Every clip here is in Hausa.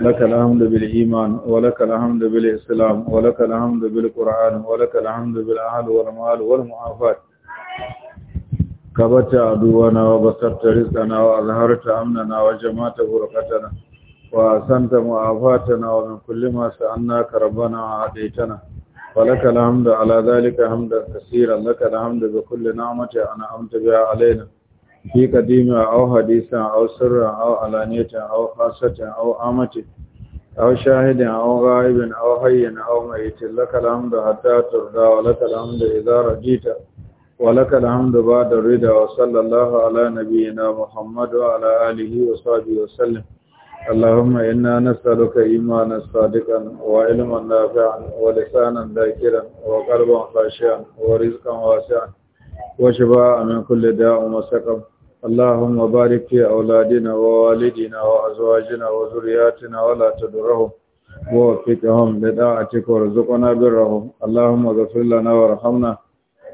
لك الحمد بالإيمان ولك الحمد بالإسلام ولك الحمد بالقرآن ولك الحمد بالأهل والمال والمعافات كبت عدونا وبسرت رزقنا وأظهرت أمننا وجمعت فرقتنا وأسنت معافاتنا ومن كل ما سألناك ربنا وعافيتنا ولك الحمد على ذلك حمدا كثيرا لك الحمد بكل نعمة أنا أمت بها علينا في قديمة أو حديثة أو سرة أو علانية أو خاصة أو عامة أو شاهد أو غائب أو حي أو ميت لك الحمد حتى ترضى ولك الحمد إذا رجيت ولك الحمد بعد الرضا وصلى الله على نبينا محمد وعلى آله وصحبه وسلم اللهم إنا نسألك إيمانا صادقا وعلما نافعا ولسانا ذاكرا وقلبا خاشعا ورزقا واسعا وشفاء من كل داء وسقم اللهم بارك في أولادنا ووالدنا وأزواجنا وزرياتنا ولا تدرهم ووفقهم لداعتك ورزقنا برهم اللهم اغفر لنا ورحمنا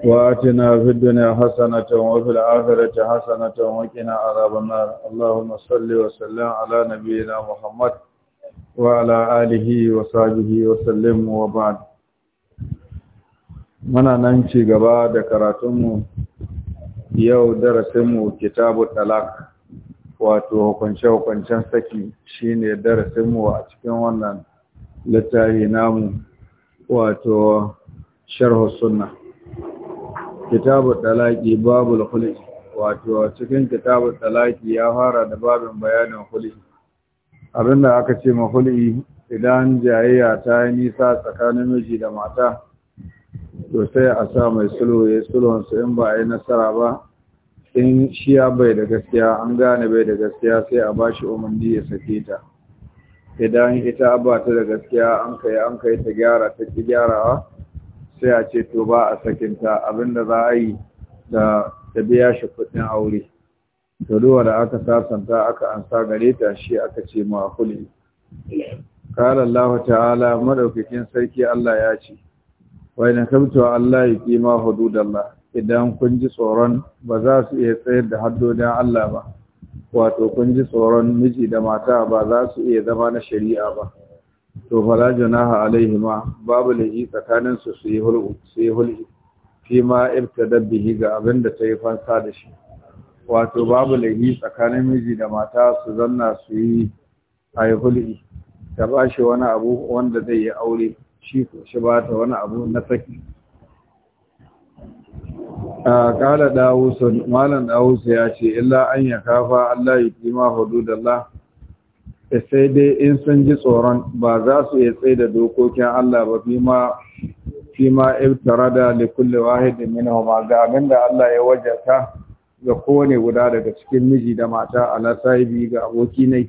وآتنا في الدنيا حسنة وفي الآخرة حسنة وقنا عذاب النار اللهم صل وسلم على نبينا محمد وعلى آله وصحبه وسلم وبعد muna nan ci gaba da karatunmu yau darasinmu kitabu talak wato hukunce-hukuncen saki shine darasinmu a cikin wannan littafi namu wato sharhu sunna kitabu talaki babul khul'i wato cikin kitabu talaki ya fara da babin bayanin khul'i abinda aka ce ma khul'i idan jayayya ta yi nisa tsakanin miji da mata to sai a sa mai sulhu ya sulhun su in ba yi nasara ba in shi ya bai da gaskiya an gane bai da gaskiya sai a bashi umarni ya sake ta idan ita ba ta da gaskiya an kai an kai ta gyara ta ki gyarawa sai a ce to ba a sakinta abinda za a yi da ta biya shi kuɗin aure to duwa da aka sasanta aka ansa gare ta shi aka ce ma kulli qala Allah ta'ala madaukakin sarki Allah ya ce wa in kamtu Allah yuqima hududallah idan kun ji tsoron ba za su iya tsayar da haddodin Allah ba wato kun ji tsoron miji da mata ba za su iya zama na shari'a ba to fala junaha alaihima babu lahi tsakanin su su yi hulqu su yi fi ma ga abin da ta yi fansa da shi wato babu lahi tsakanin miji da mata su zanna su yi yi ta ba shi wani abu wanda zai yi aure shi shi ba ta wani abu na saki a kala dawusu malam dawusu ya ce illa an ya kafa Allah ya kima Allah. Eh, sai dai in sun ji tsoron ba za su iya tsaye da dokokin Allah ba fi ma fi da ibtarada li kulli ga abin da Allah ya wajata ga kowane guda daga cikin miji da mata ala sahibi ga aboki ne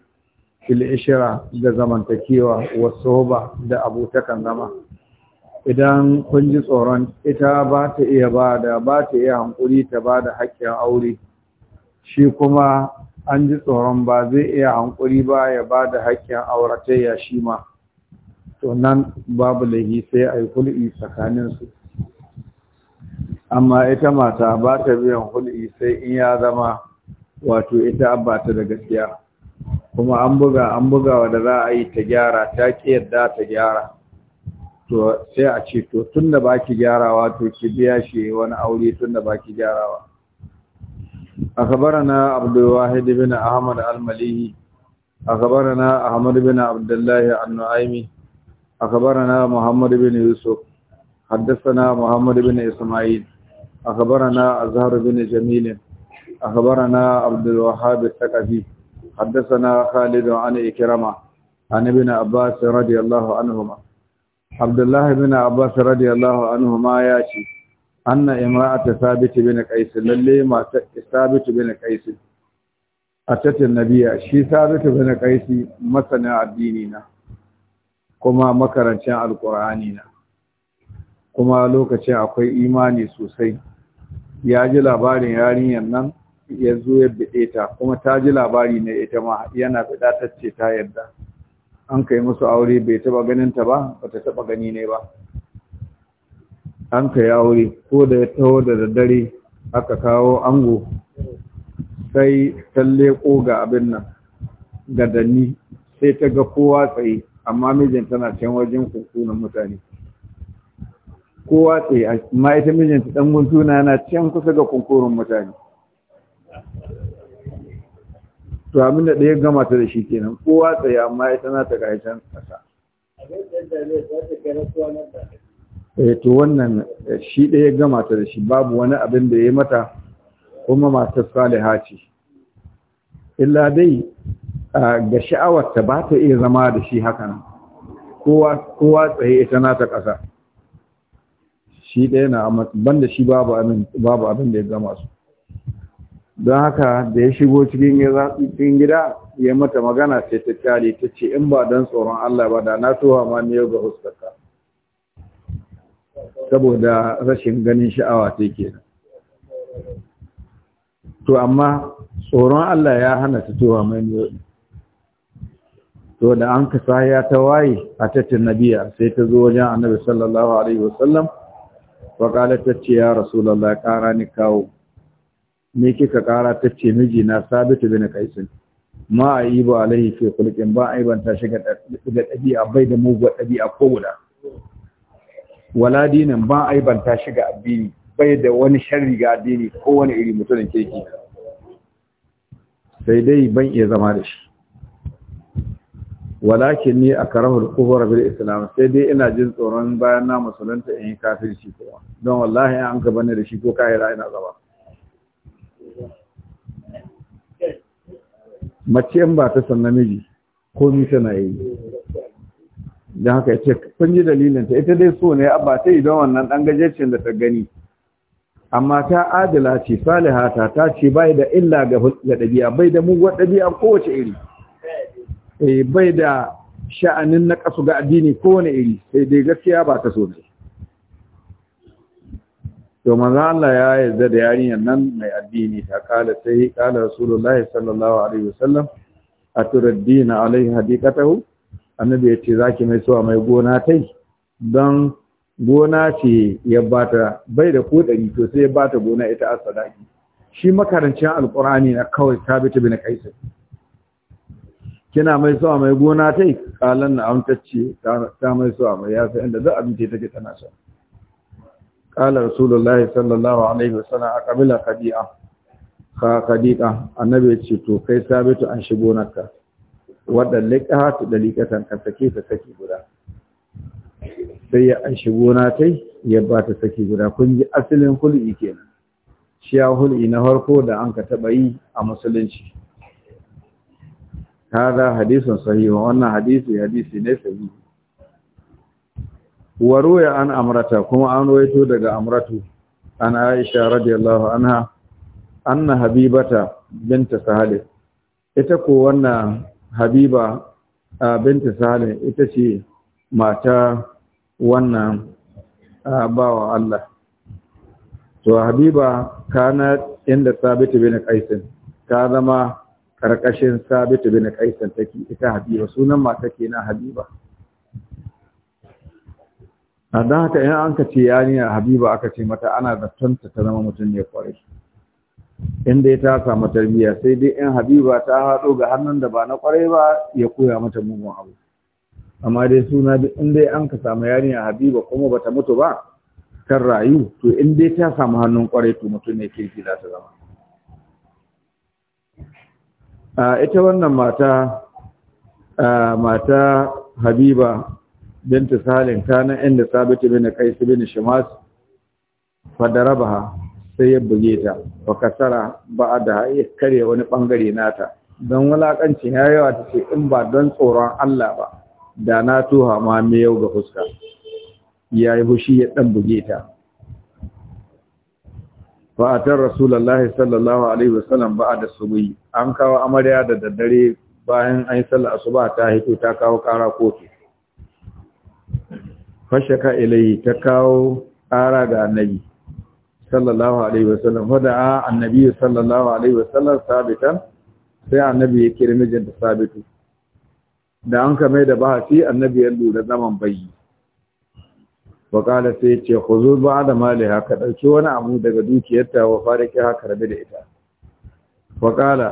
fil ishra da zamantakewa wa soba da abotakan zama idan kun ji tsoron ita ba ta iya ba da ba ta iya hankuri ta ba da haƙƙin aure shi kuma an ji tsoron ba zai iya hankuri ba ya ba da haƙƙin auratayya shi ma to nan babu lahi sai a yi tsakanin tsakaninsu amma ita mata ba ta biyan hul'i sai in ya zama wato ita ba ta da gaskiya kuma an buga an buga da za a yi ta gyara ta ƙi yadda ta gyara to sai a ce to tun da ba ki gyarawa to ki biya shi wani aure tun da ba ki gyarawa أخبرنا عبد الواحد بن أحمد المليهي أخبرنا أحمد بن عبد الله النعيمي أخبرنا محمد بن يوسف حدثنا محمد بن إسماعيل أخبرنا أزهر بن جميل أخبرنا عبد الوهاب الثقفي حدثنا خالد عن إكرمة عن ابن عباس رضي الله عنهما عبد الله بن عباس رضي الله عنهما ياتي anna imra'ata sabit bin qais lalle ta sabit bin qais atatin nabiya shi sabit bin qais masana addini na kuma makarancin alqur'ani na kuma lokacin akwai imani sosai ya ji labarin yarinyar nan ya zo ya bide ta kuma ta ji labari ne ita ma yana fida ta ce ta yarda an kai musu aure bai taba ganin ta ba bata taba gani ne ba an ka ya ko da ya taho da daddare aka kawo ango sai ta leko ga abin nan ga danni sai ta ga kowa tsaye amma mijin tana can wajen kukunan mutane kowa tsaye amma ita mijinta dan guntuna yana can kusa ga kunkurin mutane to abin da ɗaya gama ta da shi kenan kowa tsaye amma ita na ta ga can ƙasa Eh, to wannan eh, shi ɗaya gama ta da shi babu wani abin da ya mata kuma matar saliha ce illa dai ga sha'awar ta ba ta iya zama da shi hakan, kowa tsaye ita na ta ƙasa shi ɗaya na da shi babu abin da ya gama su don haka da ya shigo cikin gida ya mata magana sai ta kyale ta ce in ba don tsoron Allah ba da na towa ma ne yau ga huskarka saboda rashin ganin sha'awa sai nan. to amma tsoron Allah ya hana fitowa mai nuna. to da an kasa ya ta waye a tattin nabiya sai ta zo wajen annabi sallallahu alaihi wasallam wa kala ta ce ya lallai ƙara ni kawo ne kika ƙara ta ce miji na sabitu bin kaisin. ma ba alaihi fi khulqin ba a yi aiban ta shiga da bai da mugu ɗabi'a ko guda wala dinin ba aibanta shi ga addini bai da wani sharri ga addini ko wani iri mutumin keke sai dai ban iya zama da shi walakin ni a karamar kufar bil islam sai dai ina jin tsoron bayan na musulunta in yi kafirci kuma don wallahi an ka bane da shi ko kahira ina zama mace in ba ta san namiji ko mi na yi don haka ya ce kun ji dalilinta ita dai so ne abba ta idan wannan ɗan gajecin da ta gani amma ta adila ce salihata ta ce bai da illa ga ɗabi'a bai da muguwar ɗabi'a kowace iri eh, bai da sha'anin na ƙasu ga addini kowane iri sai dai gaskiya ba ta so ne to manzo Allah ya yarda da yarinyar nan mai addini ta kala sai kala rasulullahi sallallahu alaihi wasallam aturaddina alaihi hadiqatahu annabi ya ce za ki mai suwa mai gona yi don gona ce ya bata bai da ko ɗari to sai ya bata gona ita a sadaki shi makarancin alkurani na kawai sabita bin kaisa kina mai suwa mai gona yi kalan na amtacce ta mai suwa mai ya fi inda za abinci take tana sha قال a الله صلى الله عليه وسلم أقبل خديئة خديئة النبي يقول an ثابت أن ka waɗanda liƙa da liƙatan kan ke ta saki guda sai ya an shigo na ta ya ba ta saki guda kun ji asalin hul'i kenan shi ya hul'i na farko da an ka taɓa yi a musulunci hada hadisin sahihu wannan hadisi hadisi ne sahihu waro ya an amrata kuma an waito daga amratu an aisha radiyallahu anha anna habibata binta sahal ita ko wannan habiba binta Sani ita ce mata wannan bawa Allah to habiba kana inda sabitu bin qaisin ka zama karkashin sabitu bin qaisin take ita habiba sunan mata kenan habiba a da haka in an ka ce yariya habiba aka ce mata ana zaton ta zama mutum ne kwarai in dai ta samu tarbiyya sai dai in habiba ta haɗo ga hannun da ba na ƙwarai ba ya koya mata mugun abu amma dai suna in dai an ka samu yarinya habiba kuma bata mutu ba kan rayu to in dai ta samu hannun ƙwarai to mutum ne kirki za ta zama a ita wannan mata mata habiba binta salim na inda sabit bin qais bin shimas fadarabaha sai ya buge ta ka kasara ba da ya karya wani ɓangare nata don wulakanci ya yawa ta ce in ba don tsoron Allah ba da na tuha ma me yau ga fuska ya yi hushi ya ɗan buge ta a atar rasulallah sallallahu alaihi wasallam ba da subuhi an kawo amarya da daddare bayan an yi sallar asuba ta hito ta kawo kara kotu fashaka ilai ta kawo ƙara ga annabi sallallahu alaihi wasallam wada'a annabi sallallahu alaihi wasallam sabitan sai annabi ya kira mijinta sabitu da an kame da bahasi annabi ya lura zaman bayi wa qala sai ya ce khuzu ba'da mali haka dauki wani abu daga dukiyarta wa fariki haka rabe da ita wa qala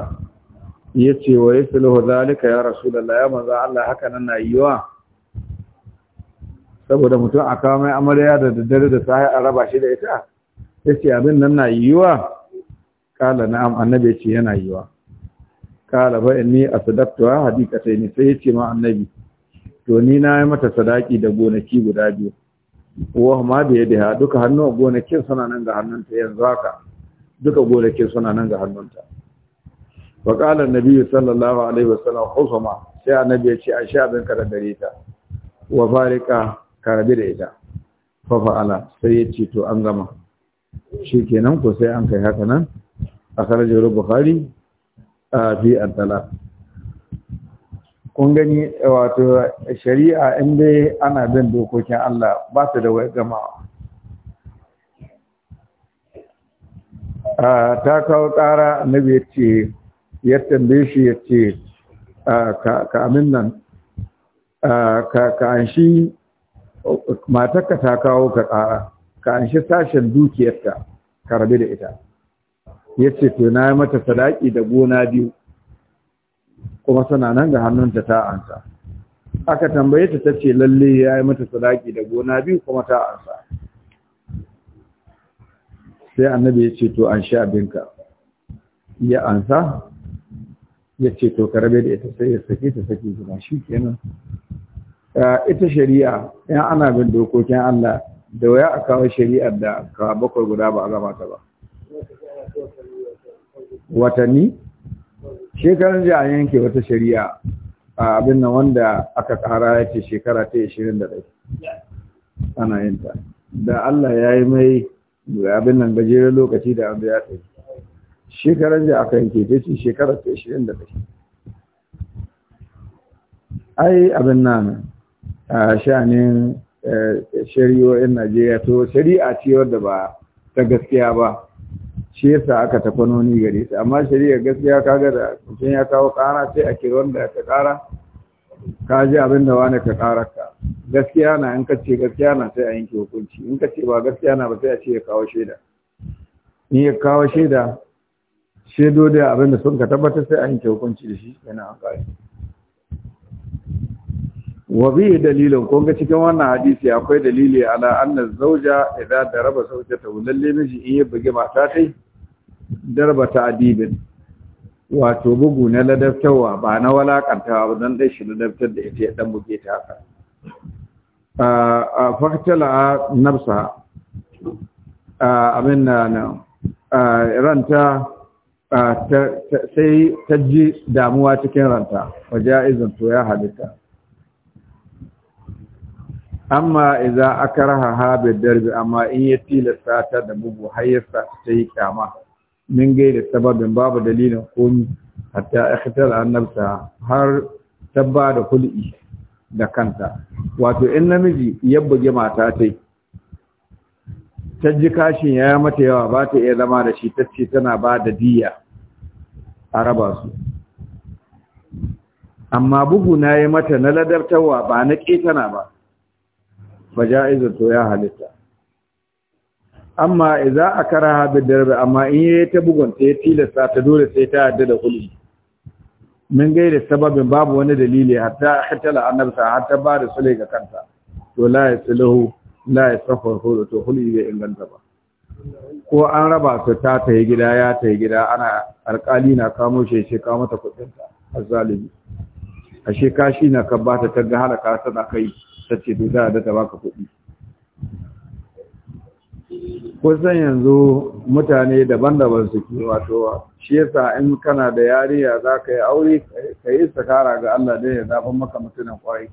yace wa yasluhu zalika ya rasulullah ya manzo Allah haka nan na yiwa saboda mutum a kawo mai amarya da daddare da sai a raba shi da ita ya ce abin nan na yiwuwa kala na'am annabi ya ce yana yiwuwa kala fa inni asadaqtuha hadiqatayn sai ya ce ma annabi to ni na yi mata sadaki da gonaki guda biyu wa ma da yadiha duka hannun gonakin suna nan ga hannunta yanzu haka duka gonakin suna nan ga hannunta wa qala annabi sallallahu alaihi husama sai annabi ya ce a sha abin ka da gare ta wa farika karabi da ita fa sai ya ce to an gama shi kenan ko sai an kai haka nan a karajar bukhari a fi antala kun gani wato shari'a inda ana bin dokokin Allah ba su da wai gama. ta kawo tsara na ya ce ya tambaye shi ya ce ka amin nan ka an shi matakka ta kawo ka tsara. ka sashen dukiyarta ka rabe da ita ya ce to na yi mata sadaki da gona biyu kuma suna nan ga hannunta ta ansa aka tambaye ta ta ce lalle ya yi mata sadaki da gona biyu kuma ta ansa sai annabi ya ce to an sha abinka ya ansa ya ce to ka rabe da ita sai ya sake ta saki, guda shi kenan ita shari'a yan ana bin dokokin Allah da waya a kawo shari'ar da ka bakwai guda ba a gama ta ba watanni shekarun ji a yanke wata shari'a a abin nan wanda aka kara ya ce shekara ta 21 ana yin ta da Allah ya yi mai abin nan gajeren lokaci da abu ya ta yi shekarar da aka yanke ta ce shekara ta 21 ai abin nan a ne. Eh, shari'o'in Najeriya to shari'a ce wadda ba ta gaskiya ba shi yasa aka tafanoni gare su amma shari'a gaskiya kaga da mutum ya kawo kara sai a kira wanda ka kara ka ji abin da wani ka kara ka gaskiya na in ka ce gaskiya na sai a yanke hukunci in ka ce ba gaskiya na ba sai a ce ya kawo shaida in ya kawo shaida shaido da abin da sun ka tabbatar sai a yanke hukunci da shi yana an kare wa bi dalilin kun ga cikin wannan hadisi akwai dalili ala anna zauja idza daraba zawjata lalle miji in ya bugi mata tai darba adibin wato bugu na ladaftawa ba na walakantawa ba dan dai shi ladaftar da ita dan buge ta haka a faktala nafsa abin na ranta sai ta ji damuwa cikin ranta wa ja'izun to ya halitta amma idan aka raha bi darbi amma in ya tilasta ta da bugu har ya sa ta yi kyama min gaida sababin babu dalilin komi hatta ikhtar annabta har tabba da kul'i da kanta wato in namiji ya buge mata ta ta ji kashin ya mata yawa ba ta iya zama da shi ta ce tana ba da diya a raba su amma bugu na yi mata na ladabtarwa ba na ƙetana ba faja'izu to ya halitta amma idza akaraha bidarbi amma in yayi ta bugunta ya tilasta ta dole sai ta yadda da kulli min gaida sababin babu wani dalili hatta hatala annabi sa hatta ba da sule ga kanta to la yasluhu la yasfahu hulu to kulli bai inganta ba ko an raba su ta ta yi gida ya ta yi gida ana alkali na kamo shi ya kawo mata kudin ta azzalimi ashe kashi na ka ba ta ta ga halaka tana kai ta ce to za a da ta baka kuɗi kusan yanzu mutane daban-daban suke wato shi yasa in kana da yariya za ka yi aure ka yi sakara ga Allah dai ya zaɓa maka mutunan ƙwarai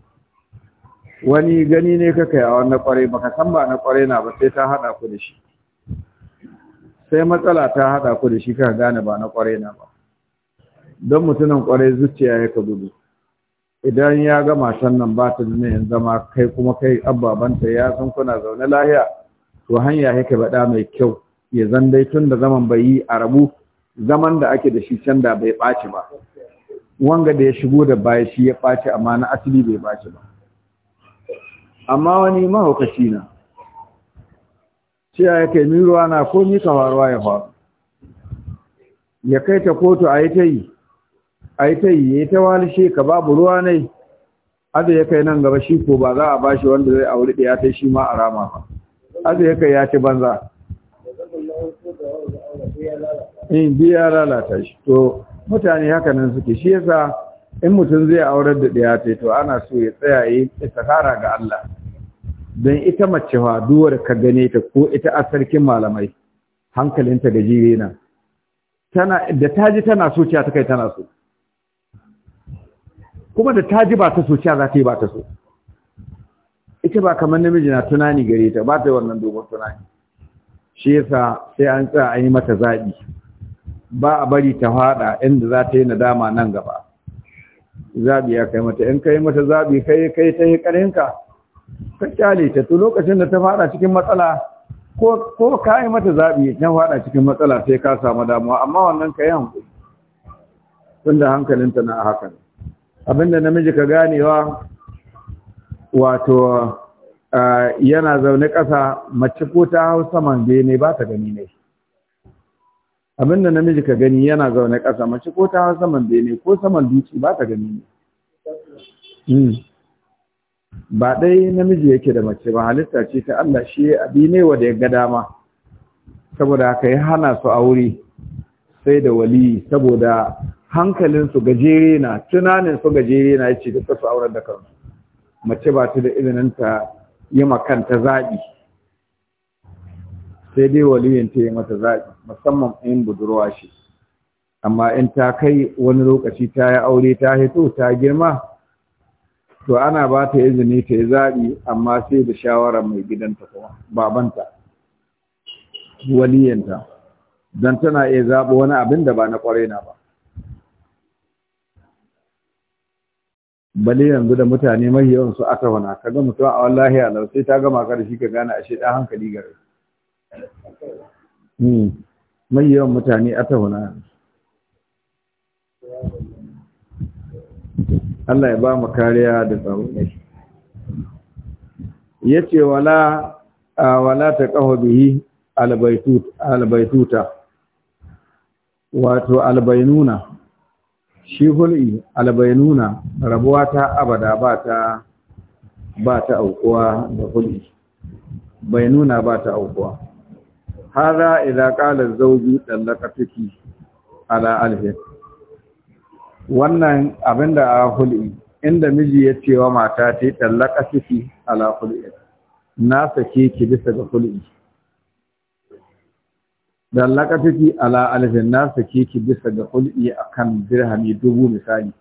wani gani ne ka kai a wani ƙwarai baka san ba na ƙwarai na ba sai ta haɗa ku da shi sai matsala ta haɗa ku da shi ka gane ba na ƙwarai na ba don mutunan ƙwarai zuciya ya ka gudu idan ya ga matan nan ba ta da zama kai kuma kai ababanta ya san kuna zaune lahiya to hanya yake bada mai kyau ya zan dai tun da zaman bai yi a rabu zaman da ake da shi can da bai ɓaci ba wanga da ya shigo da baya shi ya ɓaci amma na asali bai ɓaci ba amma wani mahaukaci na ciyaya ya kai na komi ka faruwa ya faru ya kai ta kotu a yi ta yi ai ta yi ta walishe ka babu ruwa ne azu ya kai nan gaba shi ko ba za a bashi wanda zai auri da ya ta shi ma a rama ba azu ya kai ya ci banza in eh, biya lalata shi to mutane haka nan suke shi yasa in mutum zai aurar da ɗaya ta to ana so ya tsaya yi tsakara ga Allah don ita mace fa duwar ka gane ta ko ita a sarkin malamai hankalinta gajire na tana da taji tana so ta kai tana so kuma da ta ji ba ta so cewa za ta yi ba ta so ita ba kamar namiji na tunani gare ta ba ta yi wannan dogon tunani shi yasa sai an tsaya an yi mata zaɓi ba a bari ta faɗa inda za ta yi nadama nan gaba zaɓi ya kai mata in kai mata zaɓi kai kai ta yi ƙarinka ka kyale ta to lokacin da ta faɗa cikin matsala ko ko ka yi mata zaɓi ta faɗa cikin matsala sai ka samu damuwa amma wannan ka yi hankali tunda hankalinta na hakan abinda namiji ka ganewa wato yana zaune ƙasa mace ko ta hau saman bene ba ta gani ne abinda namiji ka gani yana zaune ƙasa mace ko ta hau saman bene ko saman duci ba ta gani ne hmm. ba ɗai namiji yake da mace ba halitta ce ta Allah shi ya abi ne da ya ga dama saboda aka yi hana su aure sai da wali saboda hankalinsu gajere na tunaninsu gajere na yace duka su aurar da kansu mace ba ta da ilimin ta yi kanta zaɓi sai dai waliyin ta yi mata zaɓi musamman in budurwa shi amma in ta kai wani lokaci ta yi aure ta hito ta girma to ana ba ta izini ta yi zaɓi amma sai da shawarar mai gidanta kuma babanta waliyanta don tana iya zaɓi wani abin da ba na kwarai na ba bale yanzu da mutane mai yawan su aka wana ga mutum a wallahi alau sai ta gama ka da shi ka gane ashe dan hankali gare hmm mai yawan mutane aka wana Allah ya ba mu kariya da tsaro ne yace wala wala taqahu bihi albaytut albaytuta wato albaynuna shi hul'i albainuna rabuwa ta abada ba ta ba ta aukuwa da hul'i bainuna ba ta aukuwa hada idza qala ala alfi wannan abinda a hul'i inda miji ya cewa mata ta dallaqatuki ala hul'i na sake ki bisa ga hul'i da lakataki ala alfin na sake ki bisa ga hulɗi kan dirhami dubu misali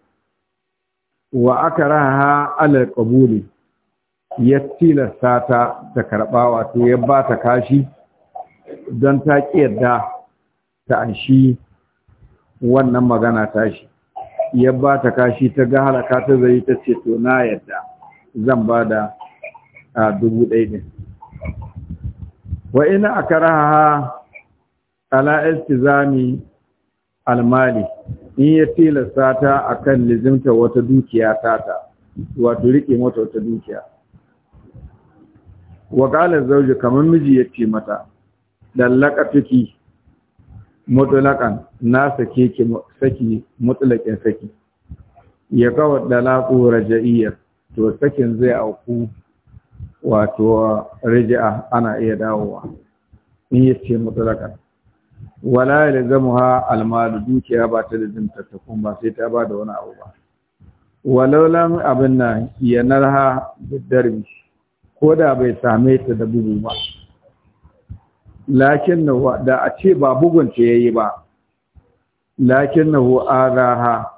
wa aka raha ala ƙabuli ya tilasta ta ta karɓa wato ya ba ta kashi don ta ƙi yadda ta anshi wannan magana tashi ya ba ta kashi ta ga halaka ta zai ta ce to na yadda zan ba da dubu ɗaya ɗin wa ina aka raha ala istizami almali in ya tilasta ta akan lizimta wata dukiya ta, wato rike mata wata dukiya wa qala zawji kamar miji yace mata dallaka fiki mutlaqan na sake ki saki mutlaqin saki ya kawo dalaku raja'iyya to sakin zai auku wato raja'a ana iya dawowa in yace mutlaqan wala ya ha almalu dukiya ba ta da zintattakun ba sai ta ba da wani abu ba walaulan abin nan ya narha da darbi ko da bai same ta da bugu ba lakin na da a ce ba bugun ce yayi ba lakin na ha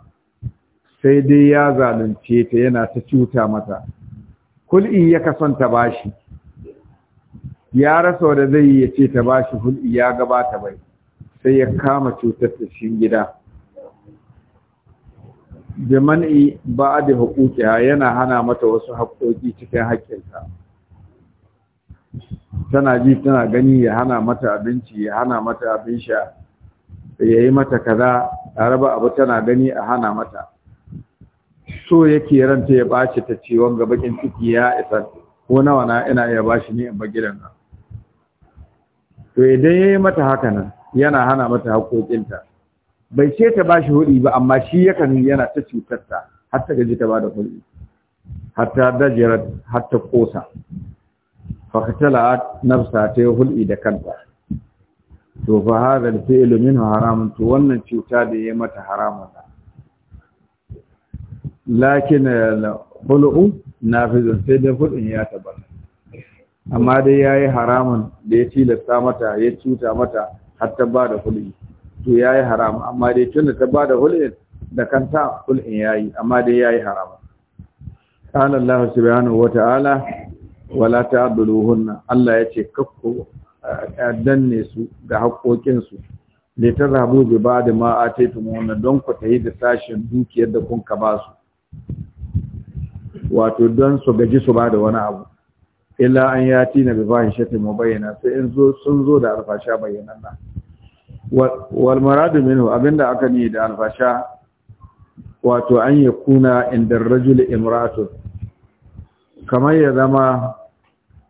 sai dai ya zalunce ta yana ta cuta mata kul'i ya kasanta bashi ya rasa wadda zai yi ya ce ta bashi hul'i ya gabata bai sai ya kama cutar da shi gida jamani ba da haƙuƙiya yana hana mata wasu haƙoƙi cikin haƙƙinta tana ji tana gani ya hana mata abinci ya hana mata abin sha ya yi mata kaza a raba abu tana gani a hana mata so yake ranta ya bace ta ce wanga bakin ciki ya isa ko nawa na ina iya bashi ni in ba gidan nan to idan ya yi mata haka nan yana hana mata haƙoƙinta bai ce ta bashi hudi ba amma shi yakan yana ta cutar ta har ta gaji ta bada hudi hatta har hatta kosa fakatala nafsa ta yi hulɗi da kanta to fa hadal fi'lu minhu haramun to wannan cuta da ya mata haramun lakin hul'u nafizun sai da hulɗin ya tabbata amma dai yayi haramun da ya tilasta mata ya cuta mata har ta ba da hulɗi to ya yi harama, amma dai tun da ta ba da hulɗin da kanta hulɗin ya yi amma dai ya yi haram wala ta سبحانه وتعالى Allah ya ce kakko a eh, danne su da haƙoƙinsu su ta zabu bi ba'd ma ataytumuhunna don ku yi da sashen dukiyar da kun ka ba su wato don su gaji su ba da wani abu illa an yati na bi mu bayyana sai in zo sun zo da alfasha na. wal maradu minhu abinda aka ni da alfasha wato an ya kuna inda rajul imratu kamar ya zama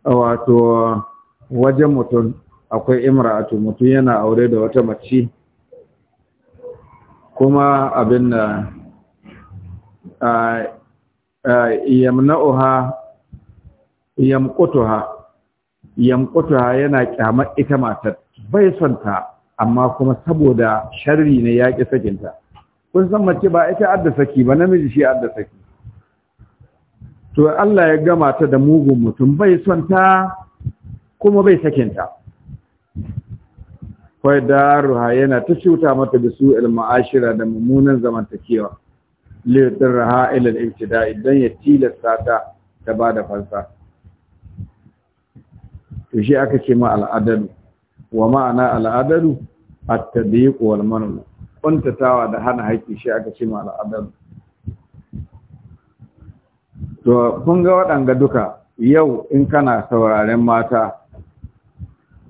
wato wajen mutum akwai imratu mutum yana aure da wata mace kuma abinda da yamna'uha yamqutuha yamqutuha yana kyamar ita matar bai son amma kuma saboda sharri ne ya ƙi sakinta kun san mace ba ita adda saki ba namiji shi adda saki to Allah ya gama ta da mugun mutum bai son ta kuma bai sakinta kwai da ruha yana ta cuta mata da su ma'ashira da mummunan zamantakewa liyatar raha ilal ibtida'i idan ya tilasta ta ta ba da fansa to aka ce ma al'adalu wa ma'ana al'adadu at-tadiq wal manu kuntatawa da hana haƙi shi aka ce ma al'adadu to kun ga waɗanga duka yau in kana sauraren mata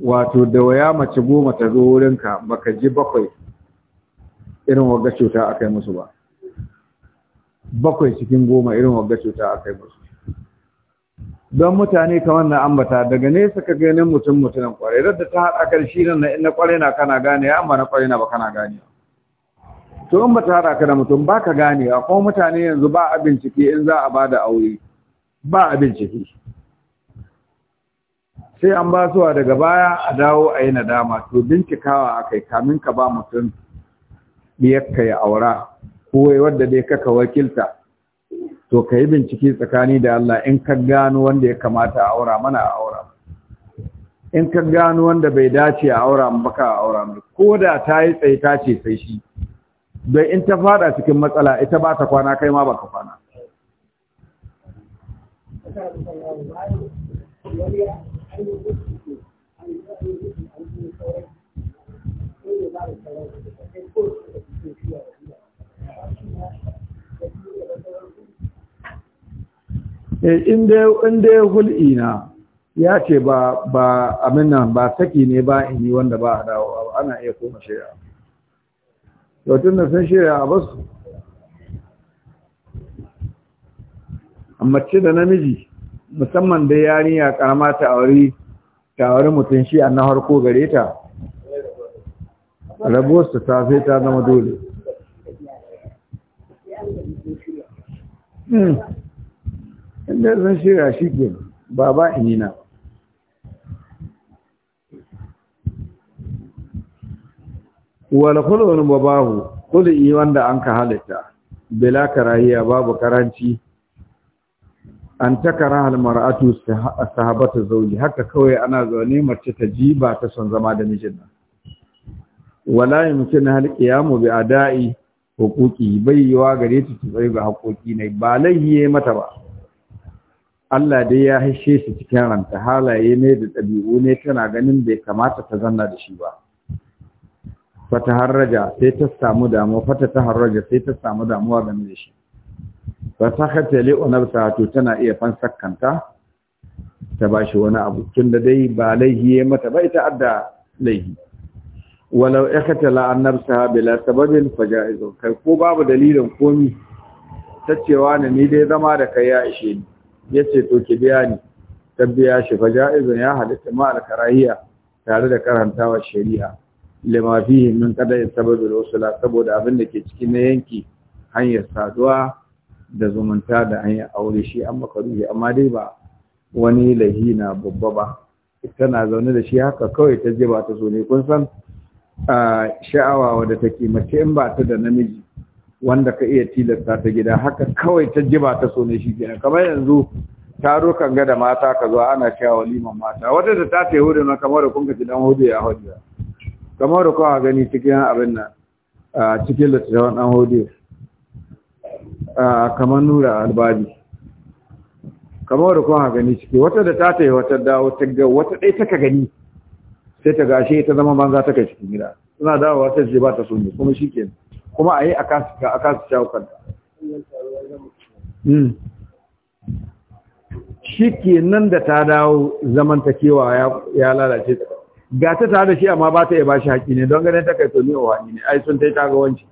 wato da waya mace goma ta zo wurinka baka ji bakwai irin wagga cuta akai musu ba bakwai cikin goma irin wagga cuta akai musu don mutane kamar na ambata daga nesa ka ganin mutum mutumin kwarai da ta haɗa ƙarshe nan na kwarai na kana gane ya amma na kwarai na ba kana gane to in ba ta haɗa ka da mutum ba ka gane a kuma mutane yanzu ba a bincike in za a ba da aure ba a bincike sai an ba suwa daga baya a dawo a yi nadama to bincikawa a kai kamin ka ba mutum ɗiyakka ya aura ko wadda dai kaka wakilta to ka yi bincike tsakani da Allah in ka gano wanda ya kamata a aura mana a aura in ka gano wanda bai dace a aura baka a aura mai ko da ta yi tsaye ta ce sai shi don in ta fada cikin matsala ita ba ta kwana kai ma baka kwana Thank you. Eh, in dai hul'i na ya ce ba ba abin ba saki ne ba in yi wanda ba a dawowa ba ana iya koma shirya yautun da sun shirya a basu mace da namiji musamman da ya karama ta auri, ta aure mutum shi an na harko gare ta rabuwar ta sai ta zama dole hmm. inda zan shirya shi ke ba ba inina ba khulun babahu iya wanda an ka halitta bila karahiya babu karanci an takara almar'atu sahabata zawji haka kawai ana zaune mace ta ji ba ta son zama da mijin nan wala yumkin ya mu bi a da'i hukuki bai yi yiwa gare ta tsaye ga haƙoƙi na ba laihi mata ba Allah dai ya haishe shi cikin ranta halaye ne da ɗabi'u ne tana ganin bai kamata ta zanna da shi ba fata harraja sai ta samu damuwa fata ta harraja sai ta samu damuwa game da shi fata na li'unarsa to tana iya kanta ta ba shi wani abu tun da dai ba laihi ya mata ba ita adda laihi walau ikata la'annarsa bila sababin faja'izu kai ko babu dalilin komi ta cewa ni dai zama da kai ya ishe ni ya to ki biya ni ta biya shi fa ja'izun ya halitta ma al-karahiya tare da karantawa shari'a lima fihi min qada'i sababu al saboda abin da ke cikin na yanki hanyar saduwa da zumunta da hanyar aure shi an makaruhi amma dai ba wani lahina babba ba tana zaune da shi haka kawai ta je ba ta zo ne kun san sha'awa wadda take mace in ba ta da namiji wanda ka iya tilasta ta gida haka kawai ta jiba ta so ne shi kenan kamar yanzu taro kan ga da mata ka zo ana cewa waliman mata wata da ta tayi hudu na kamar da kun ka ji dan hudu ya hudu kamar da kowa gani cikin abin nan a cikin littattafan ɗan a kamar nura albabi kamar da kowa gani ciki wata da ta tayi wata dawo ta ga wata dai ta ka gani sai ta gashi, ta zama banza ta kai cikin gida suna dawo ta ce ba ta so ne kuma shi kuma a yi a kasu shawo kanta hmm. shi ke nan da ta dawo zamantakewa ya lalace ta. ga ta tare da shi amma ba ta yi ba shi haƙi ne don ganin ta kai to ni wa haƙi ne ai sun ta yi ta ga wanci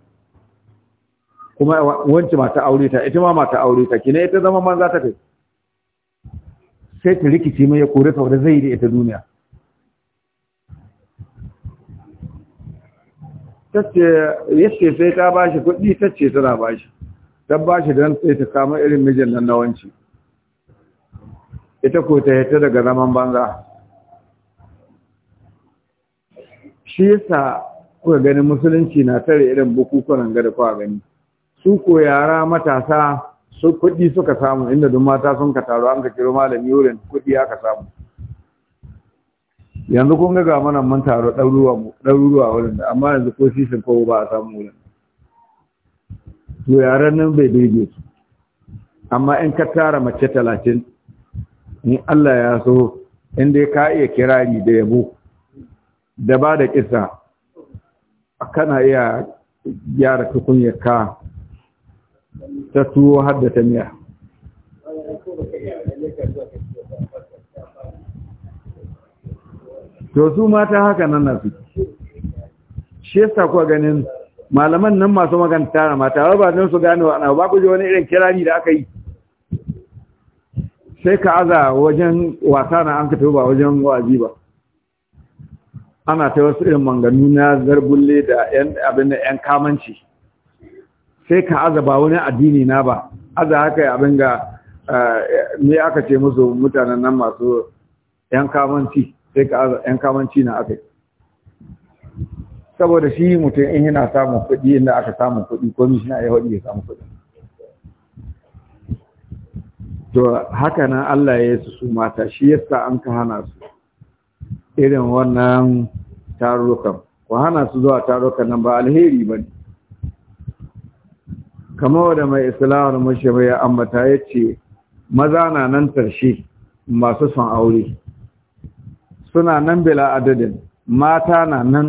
kuma wanci mata aure ta ita ma mata aure ta kina ita zama man za ta kai sai ta rikici mai ya kore ta wadda zai yi da ita duniya yace sai ta bashi kuɗi tace tana bashi ta bashi don sai ta kama irin mijin nan nawanci ita ko ta hita daga zaman banza shi yasa kuka gani musulunci na tare irin bukukunan gada kuka gani su ko yara matasa su kuɗi suka samu inda duk mata sun ka taro an ka kiro malami wurin kuɗi aka samu yanzu kun ga mana mun taro ɗaruruwa wurin da amma yanzu ko sisin kowa ba a samu wurin to yaren nan bai daidai su amma in ka tara mace talatin in Allah ya so in dai ka iya kirari da yabo da ba da kisa kana iya gyara tukunyar ka ta tuwo har ta miya to su mata haka nan na fi shi yasa kuwa ganin malaman nan masu maganta na mata ba don su gane wa ba ku ji wani irin kirani da aka yi sai ka aza wajen wasa na an ka ba wajen wazi ba ana ta wasu irin manganu na zarbulle da yan abin da yan kamanci sai ka aza ba wani addini na ba aza haka abin ga eh, me aka ce musu mutanen nan masu yan kamanci sai ka aza yan kamanci na aka saboda shi mutum in yana samun kuɗi inda aka samun kuɗi ko mishina ya haɗi ya samun kuɗi to haka nan Allah ya su su mata shi yasa an ka hana su irin wannan tarukan ku hana su zuwa tarukan nan ba alheri ba ne kamar da mai islahar mashi mai ambata ya ce maza na nan tarshe masu son aure suna nan bila adadin mata na nan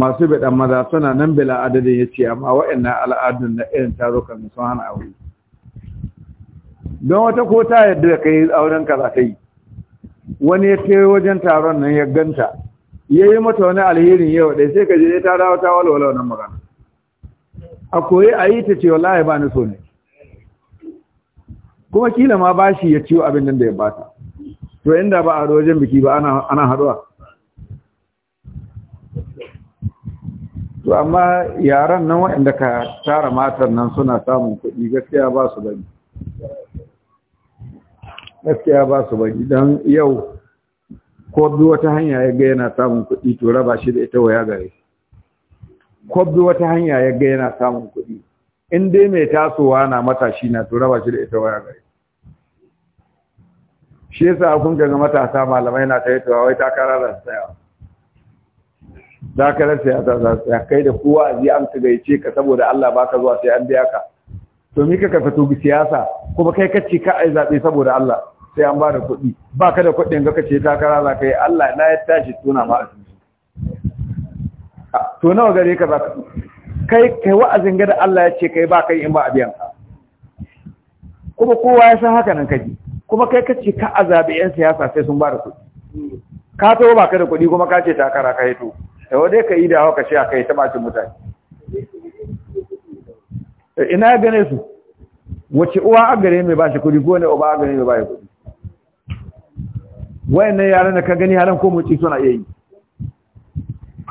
masu bidan maza suna nan bila adadin ya ce amma waɗannan al'adun na irin tarukan sun hana aure don wata ko ta yadda da kai auren ka za ka yi wani ya ce wajen taron nan ya ganta ya yi mata wani alherin yau ɗai sai ka je ta dawo ta walwala wannan magana a koyi a yi ta ce wallahi ba ni so ne kuma kila ma bashi ya ciwo abin nan da ya bata to inda ba a wajen biki ba ana ana haduwa to amma yaran nan waɗanda ka tara matan nan suna samun kuɗi gaskiya ba su bane gaskiya ba su bane Don yau ko bi wata hanya ya ga yana samun kuɗi to raba shi da ita waya gare ko bi wata hanya ya ga yana samun kuɗi in dai mai tasowa na matashi na to raba shi da ita waya gare shi yasa kun ga matasa malamai na taitowa wai takarar da tsaya takarar ta za su kai da kowa a ji an gaice ka saboda Allah ba ka zuwa sai an biya ka to mi ka bi siyasa kuma kai ka ce ka ai zabe saboda Allah sai an bada kuɗi ka da kuɗin ga ce takara za ka yi Allah na ya tashi tuna ma a to nawa gare ka za ka kai kai wa'azin ga da Allah ya ce kai ba kai in ba a biyan ka kuma kowa ya san haka nan kaji kuma kai kace ka azabe yan siyasa sai sun ba da kuɗi ka to ba ka da kuɗi kuma ka ce kara ka hito da eh, dai ka yi da haka ce ka yi ta bacin mutane eh, ina gane su wace uwa a gare mai ba shi kuɗi ko ne uba a gare mai ba shi kuɗi wayannan yaran da ka gani yaran ko motsi suna iya yi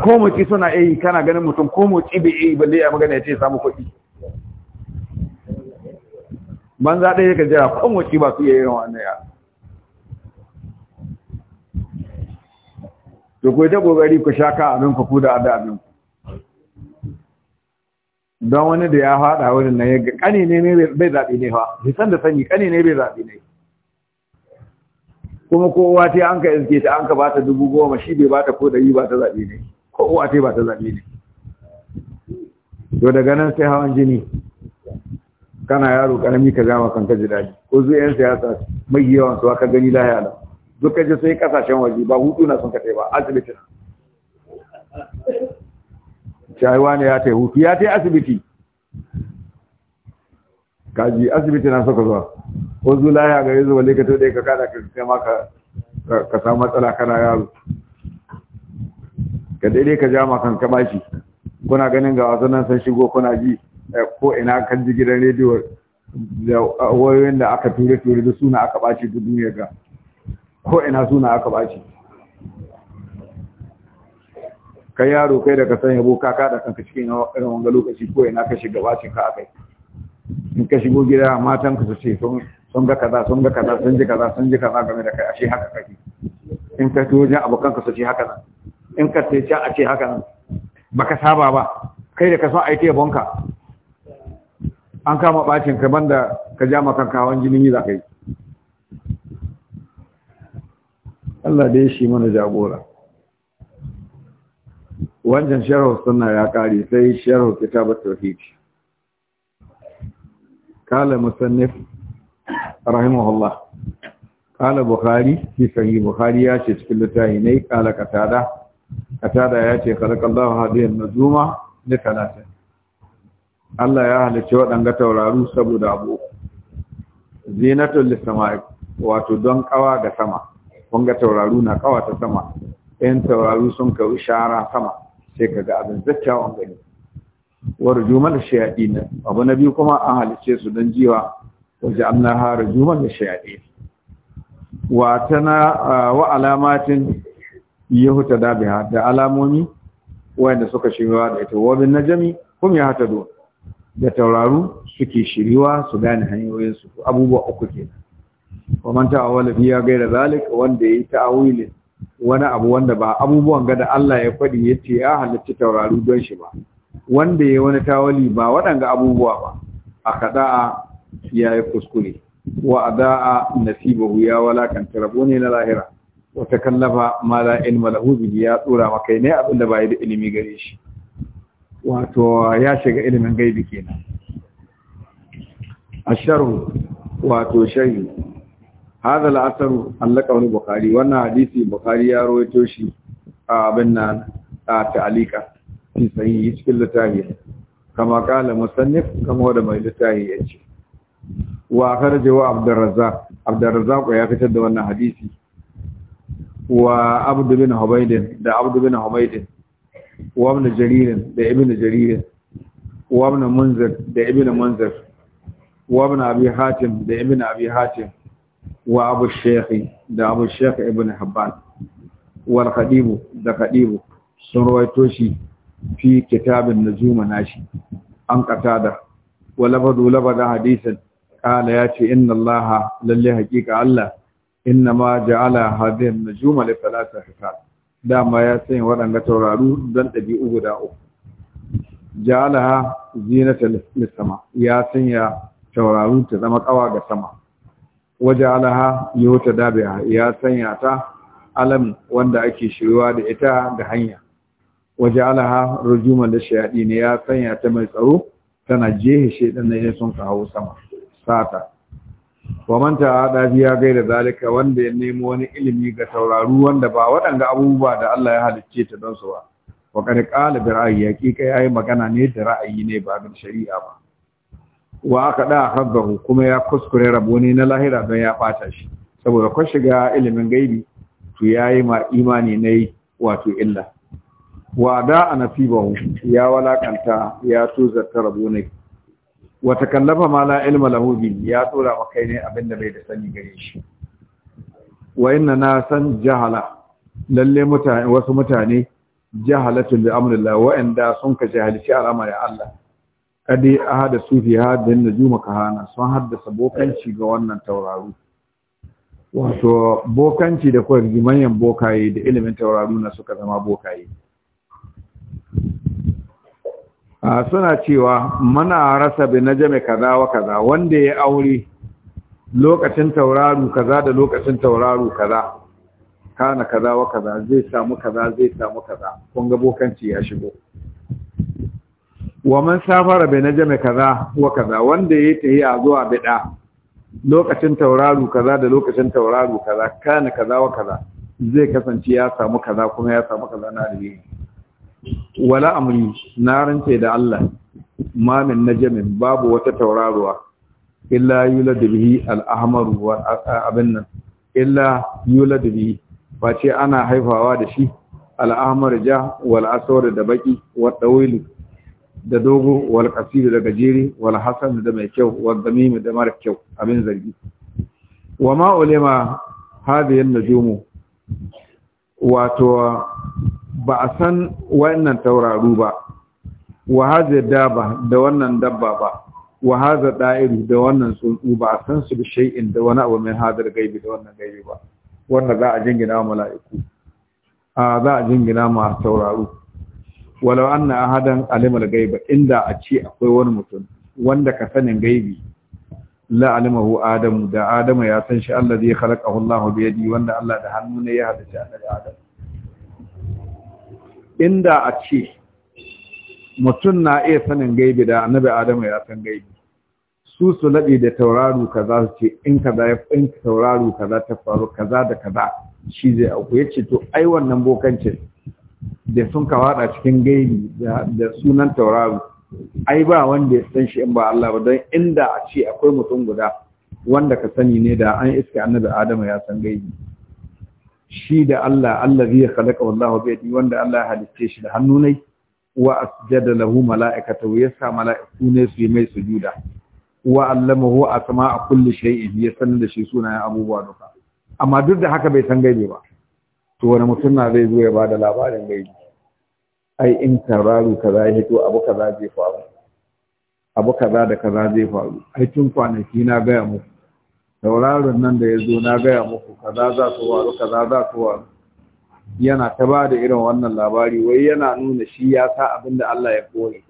ko motsi suna iya yi kana ganin mutum ko motsi bai iya yi balle ya magana ya ce samu kuɗi banza ɗaya yake jira kwan waki ba su iya yin wannan ya to ku ta ƙoƙari ku sha ka abin ku da da abin don wani da ya faɗa wurin na yaga ƙani ne bai zaɓi ne fa hisan da sanyi ƙani ne bai zaɓi ne kuma kowa ta an ka iske ta an ka bata dubu goma shi bai bata ko ɗari ba ta zaɓi ne kowa ta ba ta zaɓi ne to daga nan sai hawan jini kana yaro karami ka gama kan ka ji daɗi ko zuwa yan siyasa mai yawan su aka gani lahiya da duka ji sai kasashen waje ba hutu na sun ka ba asibiti shayuwa ne ya tai hutu ya tai asibiti kaji asibiti na suka zuwa ko zuwa lahiya gare zuwa lekato ɗaya ka kada ka kai maka ka samu matsala kana yaro ka daidai ka jama kan ka bashi kuna ganin ga wasu nan sun shigo kuna ji Eh, ko ina kan ji gidan rediyo da wayoyin da aka ture ture da suna aka ɓaci duk duniya ga ko ina suna aka ɓaci kai yaro kai da ka san yabo ka kada kanka cikin irin wanga lokaci ko ina ka shiga bacin ka akai in ka shigo gida matan ka su ce sun ga kaza sun ga kaza sun ji kaza sun ji kaza game da kai ashe haka kake in ka to wajen abokan ka su ce haka nan in ka ce a ce haka nan baka saba ba kai da ka san aite yabonka an kama bakin ka banda ka ja maka kawon jini za ka yi Allah dai shi mana jagora wancan sharhu sunna ya kare sai sharhu kitabut tauhid kala musannif rahimahullah kala bukhari fi sahih bukhari ya ce cikin litafi ne kala katada katada ya ce khalaqallahu hadiyan an-nujuma li thalathin Allah ya halice waɗanga tauraru saboda abu zinatul lisama'i wato don kawa ga sama kunga tauraru na kawa ta sama ɗayan tauraru sun kawo shara sama sai ka ga abin zaccawon gani war jumal shayadin abu na biyu kuma an halicce su don jiwa waje ja'alna na hara shayadin wa tana wa alamatin yahuta dabiha da alamomi wanda suka shiga da ita wa bin najmi kum yahtadun da tauraru suke shiriwa su gane hanyoyin su abubuwa uku ke wa man ta'awwala ya gaira zalik wanda yayi ta'awili wani abu wanda ba abubuwan gada Allah ya faɗi yace ya halitta tauraru don shi ba wanda yayi wani tawali ba waɗanga abubuwa ba a kada'a ya yi kuskure wa ada'a nasibahu ya wala kan ne na lahira wata kallafa ma la ilma lahu bi ya tsora makai ne abin da yi da ilimi gare shi wato ya shiga ilimin gaibi kenan asharu wato shayi hada al'asaru allaka wani bukari wannan hadisi bukari ya rawaito shi a abin na a ta'alika fi yi cikin littafi kama kala musannif kama wanda mai littafi ya ce wa kharajahu abdurrazzaq abdurrazzaq ya fitar da wannan hadisi wa abdu bin da abdu bin wa ibn jaririn da ibn jaririn wa ibn da ibn munzir wa ibn hatim da ibn abi hatim wa abu shaykh da abu shaykh ibn habban wal khadib sun rawaito shi fi kitabin nujuma nashi an qatada wa labadu labada hadisan قال ياتي ان الله للي Allah الله انما جعل هذه النجوم لثلاثه حكام dama ya sanya waɗanda tauraru don ɗabi'u guda uku ja'alaha zinata lissama ya sanya tauraru ta zama ƙawa ga sama waje alaha yota dabiha ya sanya ta alam wanda ake shirwa da ita da hanya waje alaha rujuman da shayaɗi ne ya sanya ta mai tsaro tana jehe shaidan yin sun kawo sama sata wa man ya biya da zalika wanda ya nemo wani ilimi ga tauraru wanda ba waɗanda abubuwa da Allah ya halicce ta don su ba wa kad qala bi ra'ayi haqiqa yayi magana ne da ra'ayi ne ba da shari'a ba wa aka da haddahu kuma ya kuskure rabo ne na lahira don ya bata shi saboda ko shiga ilimin gaibi to yayi ma imani ne wato illa wa da ba ya walakanta ya tuzarta rabo ne wata kallafa ma la ilma lahu bi ya tura kai ne abin da bai da sani gare shi wa inna na san jahala lalle mutane wasu mutane jahalatu bi amrillah wa inda sun ka jahalci al'amarin Allah kadi ahada sufi hadin najuma kahana sun haddasa bokanci ga wannan tauraro wato bokanci da kwa manyan bokaye da ilimin tauraro na suka zama bokaye suna cewa mana rasa bi najami kaza wa kaza wanda ya aure lokacin tauraru kaza da lokacin tauraru kaza kana kaza wa kaza zai samu kaza zai samu kaza kun ga bokanci ya shigo wa man safara bi najami kaza wa kaza wanda ya a zuwa bid'a lokacin tauraru kaza da lokacin tauraru kaza kana kaza wa kaza zai kasance ya samu kaza kuma ya samu kaza na alheri wala amri na rance da Allah ma min najamin babu wata tauraruwa illa yulad bihi al-ahmar wa abin nan illa yulad bihi face ana haifawa da shi al-ahmar ja wal asawar da baki wa dawilu da dogo wal qasir da gajeri wal hasan da mai kyau wal damim da mara kyau abin zargi wa ma ulama hadhihi an-nujumu wato ba a san wannan tauraru ba wa haza daba da wannan dabba ba wa haza da'iru da wannan tsuntsu ba a san su da shay'in da wani abu mai hadar gaibi da wannan gaibi ba wanda za a jingina mala'iku a za a jingina ma tauraru walau anna ahadan alimul gaiba inda a ce akwai wani mutum wanda ka sanin gaibi la alimahu adamu da adamu ya san shi allazi khalaqahu allah bi yadi wanda Allah da hannu ne ya halitta annabi adamu inda a ce mutum na iya sanin gaibi da annabi adamu ya san gaibi su su laɗe da ka kaza su ce in kaza za in ka kaza ta faru kaza da kaza shi zai auku ya ce to ai wannan bokancin da sun waɗa cikin gaibi da sunan tauraro ai ba wanda ya san shi in ba Allah ba don inda a ce akwai mutum guda wanda ka sani ne da an iska annabi adamu ya san gaibi shi da Allah allazi ya khalaqa wallahu bi wanda Allah ya halicce shi da hannu ne wa asjada lahu malaikata wa yasa mala'iku ne su mai sujuda wa allamahu a kulli shay'in ya sanar da shi sunayen abubuwa duka amma duk da haka bai san gaibe ba to wani mutum na zai zo ya bada labarin gaibe ai in tararu kaza ya hito abu kaza zai faru abu kaza da kaza zai faru ai tun kwanaki na gaya muku tauraron nan da ya zo na gaya muku kaza za su waru kaza za su waru yana ta ba da irin wannan labari wai yana nuna shi ya sa abin da Allah ya kore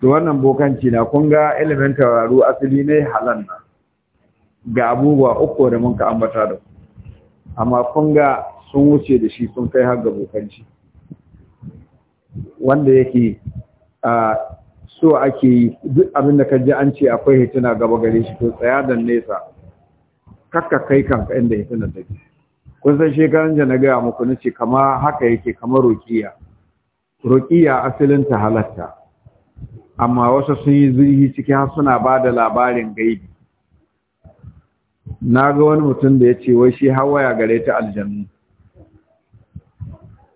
to wannan bokanci na kun ga ilimin tauraro asali ne halan nan ga abubuwa uku da mun ka ambata da ku amma kun ga sun wuce da shi sun kai har ga bokanci wanda yake a so ake yi duk abin da ka ji an ce akwai hituna gaba gare shi to tsaya da nesa kakka kai kanka inda hitunan take kun san shekaran da na gaya muku ce, kama haka yake kamar roƙiya roƙiya asalin ta halatta amma wasu sun yi zurhi ciki har suna ba da labarin gaibi na ga wani mutum da ya ce wai shi hawaya gare ta aljannu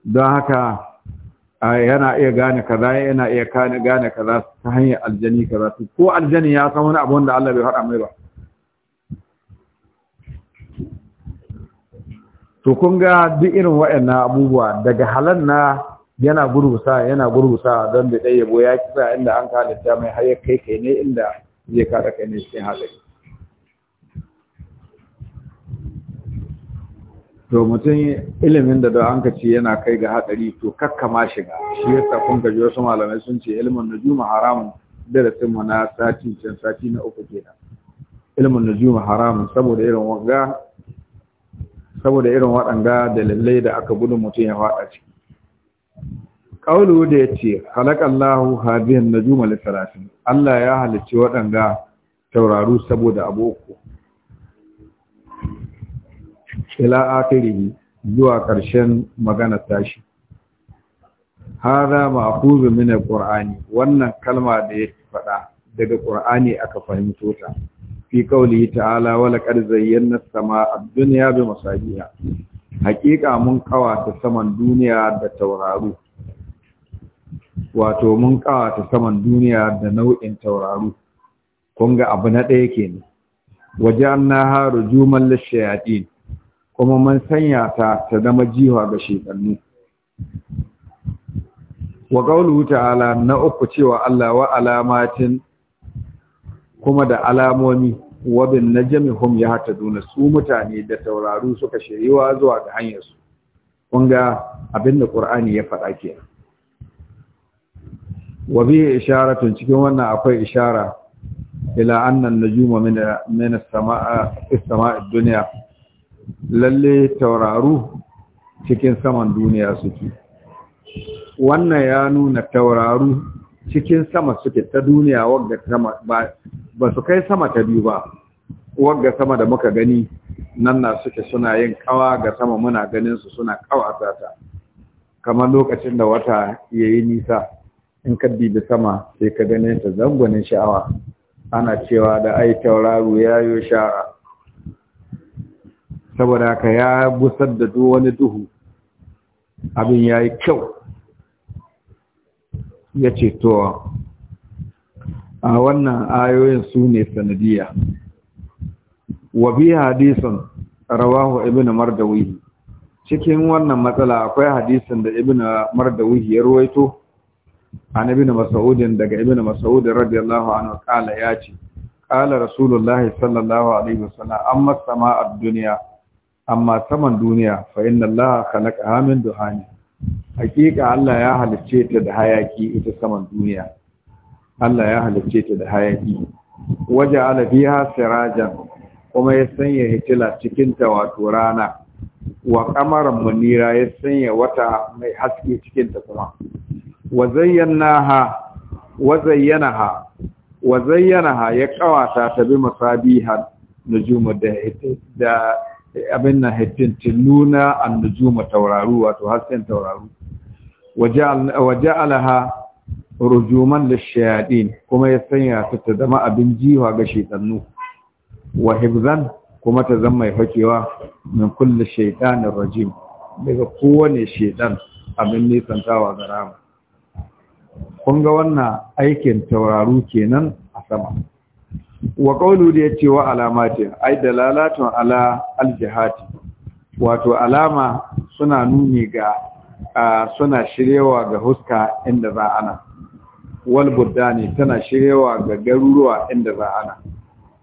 don haka yana iya gane kaza yana iya gane kaza ta hanyar aljani kaza ko aljani ya san wani abu wanda Allah bai faɗa mai ba to kun ga duk irin wayannan abubuwa daga halan na yana gurgusa yana gurgusa don bai ɗaya yabo ya kisa inda an halitta mai har kai kai ne inda zai kada kai ne cikin halari to mutum ilimin da da anka ce yana kai ga hatsari to kakkama shiga shi yasa kun gaji wasu malamai sun ce ilimin nujuma haramun darasin mu na sati can sati na uku kenan ilimin nujuma haramun saboda irin wanga saboda irin waɗanga dalilai da aka gudu mutum ya faɗa ciki kaulu da ya yace khalaqallahu hadhihi na nujuma li Allah ya halicci waɗanga tauraru saboda abu ila akhirih zuwa ƙarshen magana tashi hada ma'khuz min alqur'ani wannan kalma da yake faɗa daga qur'ani aka fahimto ta fi qawlihi ta'ala wa laqad zayyana as-samaa'a ad-dunya bi masabiha haƙiƙa mun kawata saman duniya da tauraro wato mun kawata saman duniya da nau'in tauraro kun ga abu na ɗaya kenan waje an na haru juman lishayatin kuma man sanya ta ta zama jiwa ga shekarni. wa qawluhu ta'ala na uku cewa Allah wa alamatin kuma da alamomi wabin na ya hum duna su mutane da tauraru suka shiriwa zuwa ga hanyarsu su abinda Kur'ani ya faɗa wabi ya ishara tun cikin wannan akwai ishara ila annan najuma min min samaa as lalle tauraru cikin saman duniya suke wannan ya nuna tauraru cikin sama suke ta duniya wadda ba su kai sama ta biyu ba wadda sama da muka gani nan na suke suna yin kawa ga sama muna ganin su suna kawa ta kamar lokacin da wata yayi nisa in ka bibi sama sai ka ganin ta zangonin sha'awa ana cewa da ai tauraro yayo shara saboda ka ya busar da duk wani duhu abin ya yi kyau ya ce to a wannan ayoyin su ne sanadiyya wa bi hadisun rawahu ibn mardawi cikin wannan matsala akwai hadisan da ibn mardawi ya ruwaito an ibn mas'udin daga ibn mas'ud radiyallahu anhu kala ya ce kala rasulullahi sallallahu alaihi wasallam amma sama'ad duniya amma saman duniya fa inna allaha khalaqa min duhani hakika Allah ya halicce ta da hayaki ita saman duniya Allah ya halicce ta da hayaki waje fiha sirajan kuma ya sanya hitila cikin ta wato rana wa kamaran munira ya sanya wata mai haske cikin ta kuma wa zayyanaha wa zayyanaha wa zayyanaha ya kawata ta bi masabihan nujumu da da abin nan hittin tiluna an nujuma tauraru wato hasken tauraru alaha rujuman da shayaɗi kuma ya sanya ta ta zama abin jiwa ga shaitannu wa hibzan kuma ta zama mai fakewa min kulle shaitanin rajim daga kowane shaitan abin nisantawa ga rama kun ga wannan aikin tauraru kenan a sama wa qawlu da yace wa alamati ai dalalatun ala aljihati wato alama suna nuni ga suna shirewa ga huska inda za ana wal buddani tana shirewa ga garuruwa inda za ana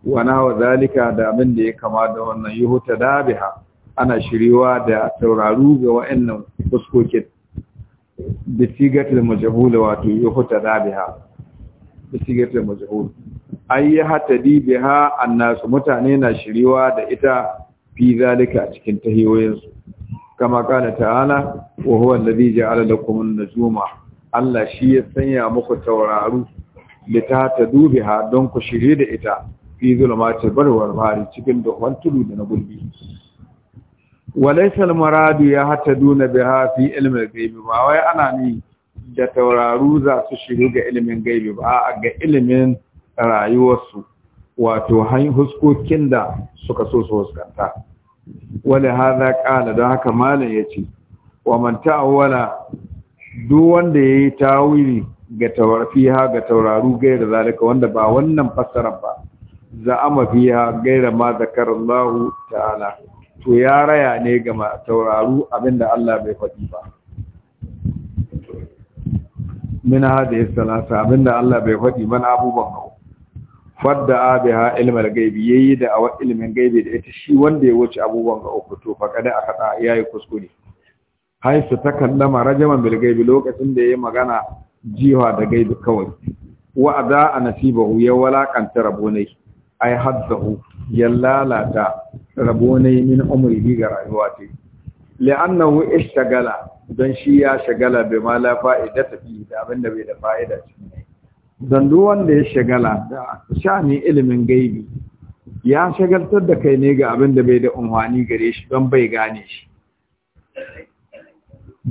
wana wa zalika da abin da ya kama da wannan yuhuta dabiha ana shirewa da tauraru ga wa'annan fuskokin bisigatul majhul wato yuhuta dabiha bi sigatil majhul ay yahtadi biha annas mutane na shiriwa da ita fi zalika cikin tahiyoyinsu kama kana ta'ala wa huwa alladhi ja'ala lakum an-nujuma Allah shi ya sanya muku tauraru litata dubiha don ku shirye da ita fi zulmatil barri wal bahri cikin duhwan tudu da na gulbi walaysa al-maradu ya hataduna biha fi ilmi al-ghaibi ba wai ana ni da tauraru za su shiru ga ilimin gaibi ba a ga ilimin rayuwarsu wato hanyar huskokin da suka so su huskanta wale haza kala don haka malam ya ce wa man ta'awwala duk wanda ya yi tawili ga ha ga tauraru gaira zalika wanda ba wannan fassara ba za a mafi fiha gaira ma zakarallahu ta'ala to ya raya ne ga tauraru abinda Allah bai faɗi ba min hada salasa abinda Allah bai faɗi mana na fadda biha ilmar gaibi yayi da awa ilmin gaibi da ita shi wanda ya wuce abubuwan ga uku to faqada aka da yayi kuskure haisu takallama rajaman bil gaibi lokacin da ya yi magana jiwa da gaibi kawai wa a anasibahu ya walakanta rabonai ai haddahu ya lalata rabonai min umrihi ga rayuwa ce li'annahu ishtagala don shi ya shagala bai ma la fa'ida fi da abin da bai da fa'ida ciki don duk wanda ya shagala da sha'ani ilimin gaibi ya shagaltar da kai ne ga abin da bai da unhwani gare shi don bai gane shi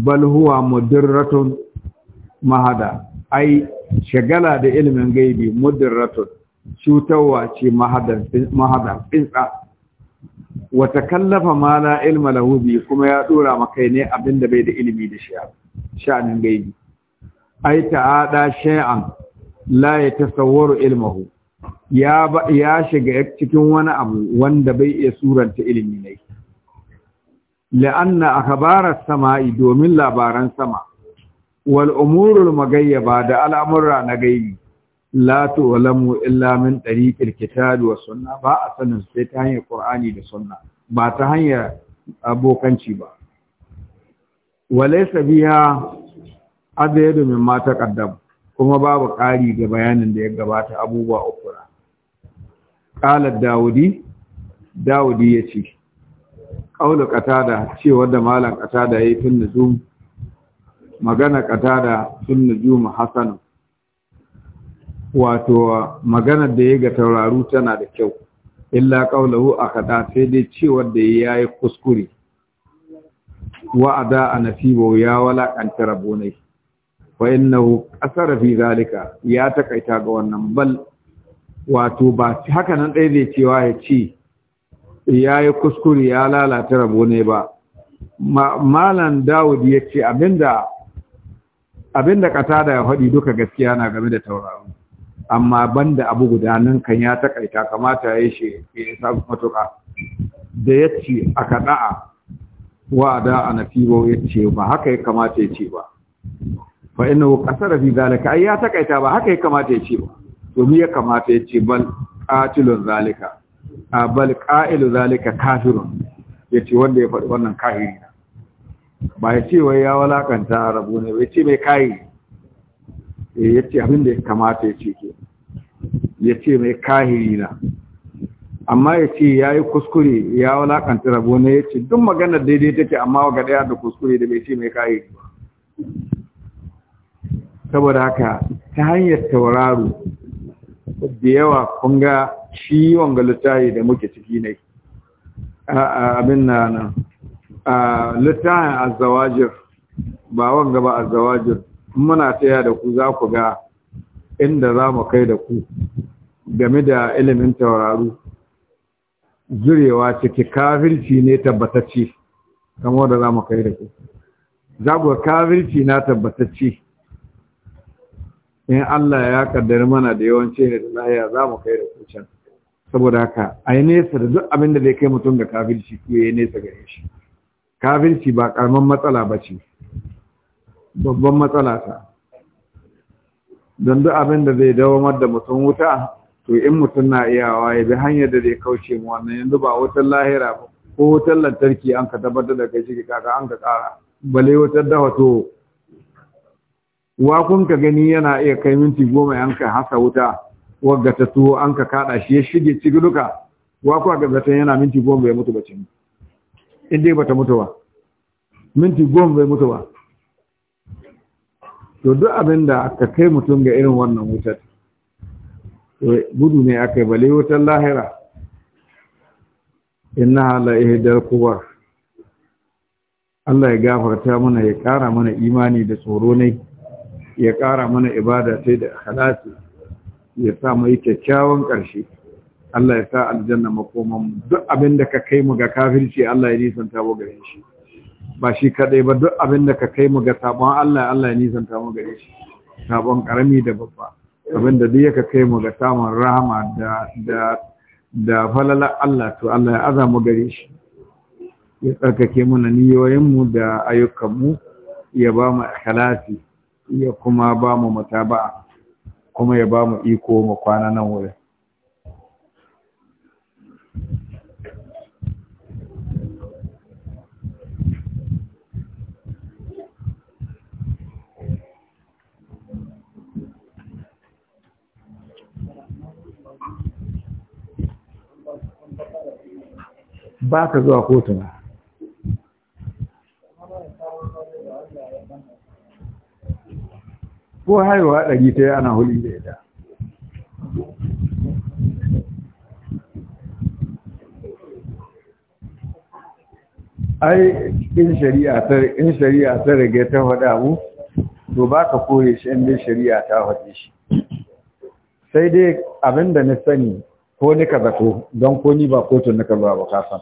Balhuwa huwa mudirratun mahada ai shagala da ilimin gaibi mudirratun cutarwa ce mahada Wata kallafa ma na ilma kuma ya dora makai ne abin da bai da ilimi da shi sha'anin gaibi ai ta'ada shay'an la yatasawwaru ilmuhu ya ya shiga cikin wani abu wanda bai iya suranta ilimi ne la'anna akhbara samai domin labaran sama wal umurul magayyaba da al'amurra na gaibi la walamu illa min tariqil kitab wa sunna ba a sanin sai ta hanyar qur'ani da sunna ba ta hanyar abokanci ba walaysa biha abyadu min ma taqaddam kuma babu ƙari ga bayanin da ya gabata abubuwa ukura qala daudi daudi yace qaulu qatada cewa da malam qatada yayi tun nuzum magana qatada tun nuzum hasanu wato maganar da ya ga tauraru tana da kyau illa a akada sai dai cewar da yi kuskure wa'ada a nasibo ya walakanta rabonai wa innahu asara fi zalika ya takaita ga wannan bal wato ba haka nan dai zai cewa ya ci yi kuskure ya lalata rabonai ba Malam Dawud ya ce abinda abinda da ya faɗi duka gaskiya na game da tauraru. amma banda abu guda nan kan ya takaita kamata ya shi ke sabu matuƙa da ya ce a kaɗa'a wa da a nafibo ya ce ba haka ya kamata ya ce ba fa ina wa ƙasar fi zalika ai ya takaita ba haka ya kamata ya ce ba domin ya kamata ya ce bal ƙatilun zalika a bal ƙa'ilu zalika kafirun ya ce wanda ya faɗi wannan kahiri ba ya ce wai ya walakanta rabu ne ya ce mai kahiri Eh, ya ce abin da ya kamata ya ce ke ya ce mai kahiri na amma ya ce ya yi kuskure ya walakanta rabo na ya ce duk maganar daidai take amma wa daya da kuskure da bai ce mai kahiri ba saboda haka ta hanyar tauraro da yawa kunga shi wanga littahi da muke ciki ne abin na nan littafin azawajir ba wanga ba azawajir muna taya da ku za ku ga inda za mu kai da ku game da ilimin tauraru jurewa ciki kafirci ne tabbatacce kamar da za mu kai da ku za ku kafirci na tabbatacce in Allah ya kaddar mana da yawanci ne da lahiya za mu kai da ku can saboda haka a yi nesa da duk abin da zai kai mutum da kafirci ku yi nesa gare shi kafirci ba karamin matsala ba ce babban matsala ta don duk abin da zai dawamar da mutum wuta to in mutum na iyawa ya bi hanyar da zai kauce mu wannan yanzu ba wutar lahira ba ko wutar lantarki an ka tabbatar da kai shi kaga an ka kara bale wutar dawa wato wa kun ka gani yana iya kai minti goma an ka hasa wuta wagga ta tuwo an ka kada shi ya shige ciki duka wa kuwa ga zata yana minti goma bai mutu ba ce in dai bata mutu ba minti goma bai mutu ba to duk abin da aka kai mutum ga irin wannan wutar gudu ne aka yi bale wutar lahira inna hala ihdar kubar Allah ya gafarta mana ya ƙara mana imani da tsoro ne ya kara mana ibada sai da halatu ya sa mu yi kyakkyawan ƙarshe Allah ya sa aljanna makoman duk abin da ka kai mu ga kafirci Allah ya nisanta mu gare shi ba shi kaɗai ba duk abin da ka kai mu ga sabon Allah Allah ya nisanta mu gare shi sabon karami da babba abin da duk ya kai mu ga samun rahama da da da falala Allah to Allah ya aza mu gare shi ya tsarkake mana niyoyin mu da ayyukan mu ya ba mu ikhlasi ya kuma ba mu mutaba'a kuma ya ba mu iko mu kwana nan wurin ba ka zuwa kotu ba ko haihuwa ɗari ta yi ana huli da ita ai in shari'a ta ta rage ta haɗa mu to ba ka kore shi in shari'a ta haɗe shi sai dai abinda na sani ko ni ka zato don ko ni ba kotun naka zuwa ba kasan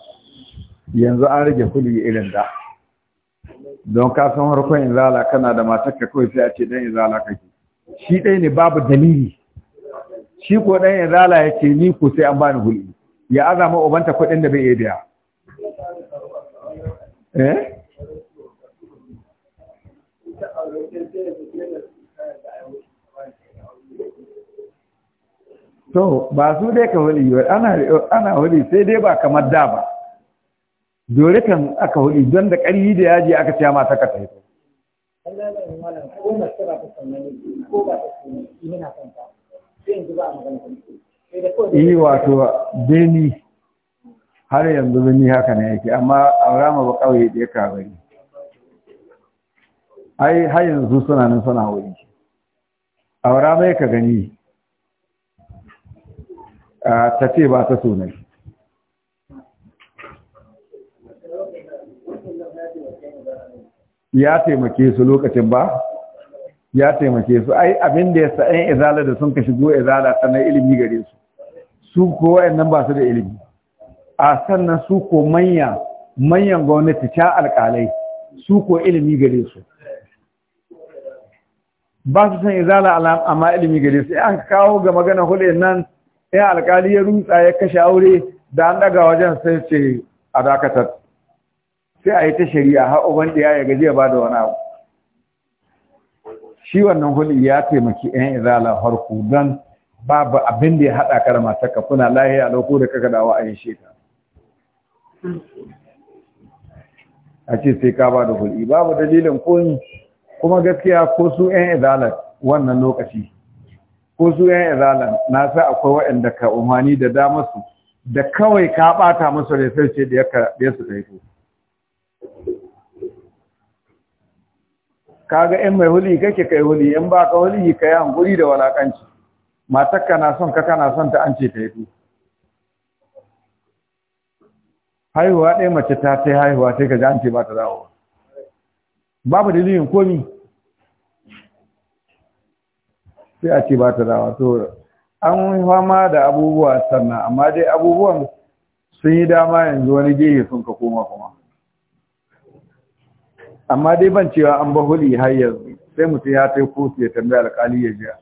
yanzu an rage kuli irin da don kasan harkon izala kana da ka kawai sai a ce dan izala kake shi ɗaya ne babu dalili shi ko dan izala ya ni ko sai an bani huli ya azama ubanta kuɗin da bai iya biya eh to ba su dai ka huli ba ana ana huli sai dai ba kamar da ba dole kan aka huli don da ƙari da yaji aka ciya ta ka tafi Iyi eh, wato beni har yanzu beni haka ne yake amma a rama ba ƙauye ɗaya ka bari. Ai har yanzu suna nan suna wuri. Aura ya ka gani ta ce ba ta so ya taimake su lokacin ba ya taimake su ai abin da ya sa'in izala da sun ka shigo izala sannan ilimi gare su su ko nan ba su da ilimi a sannan su ko manya manyan gwamnati ta alƙalai su ko ilimi gare su ba su san izala amma ilimi gare su an kawo ga magana hulun nan sai alkali ya rutsa ya kashe aure da an daga wajen sai ce a dakatar sai a yi ta shari'a har uban ɗaya ya gaji ya ba da wani abu shi wannan huli ya taimaki yan izala farko, don babu abin da ya haɗa da masu kafuna lahiya lokacin da kaka dawo a yin shekara a ce sai ka ba da hul'i babu dalilin kun kuma gaskiya ko su 'yan izala wannan lokaci ko su yan izalan na sa akwai waɗanda ka umarni da dama su da kawai ka ɓata musu da sai ce da ya su Ka kaga in mai huli kake kai huli in ba ka huli ka yi hankuri da walakanci ka na son ka kana son ta an ce ta yi haihuwa ɗaya mace ta ta haihuwa sai ka ji an ce ba ta dawo babu dalilin komi sai a ce ba ta dawa to an fama da abubuwa sannan amma dai abubuwan sun yi dama yanzu wani gehe sun ka koma kuma amma dai ban cewa an ba bahuli har yanzu sai mutum ya ta kotu ya tambaya alkali ya jiya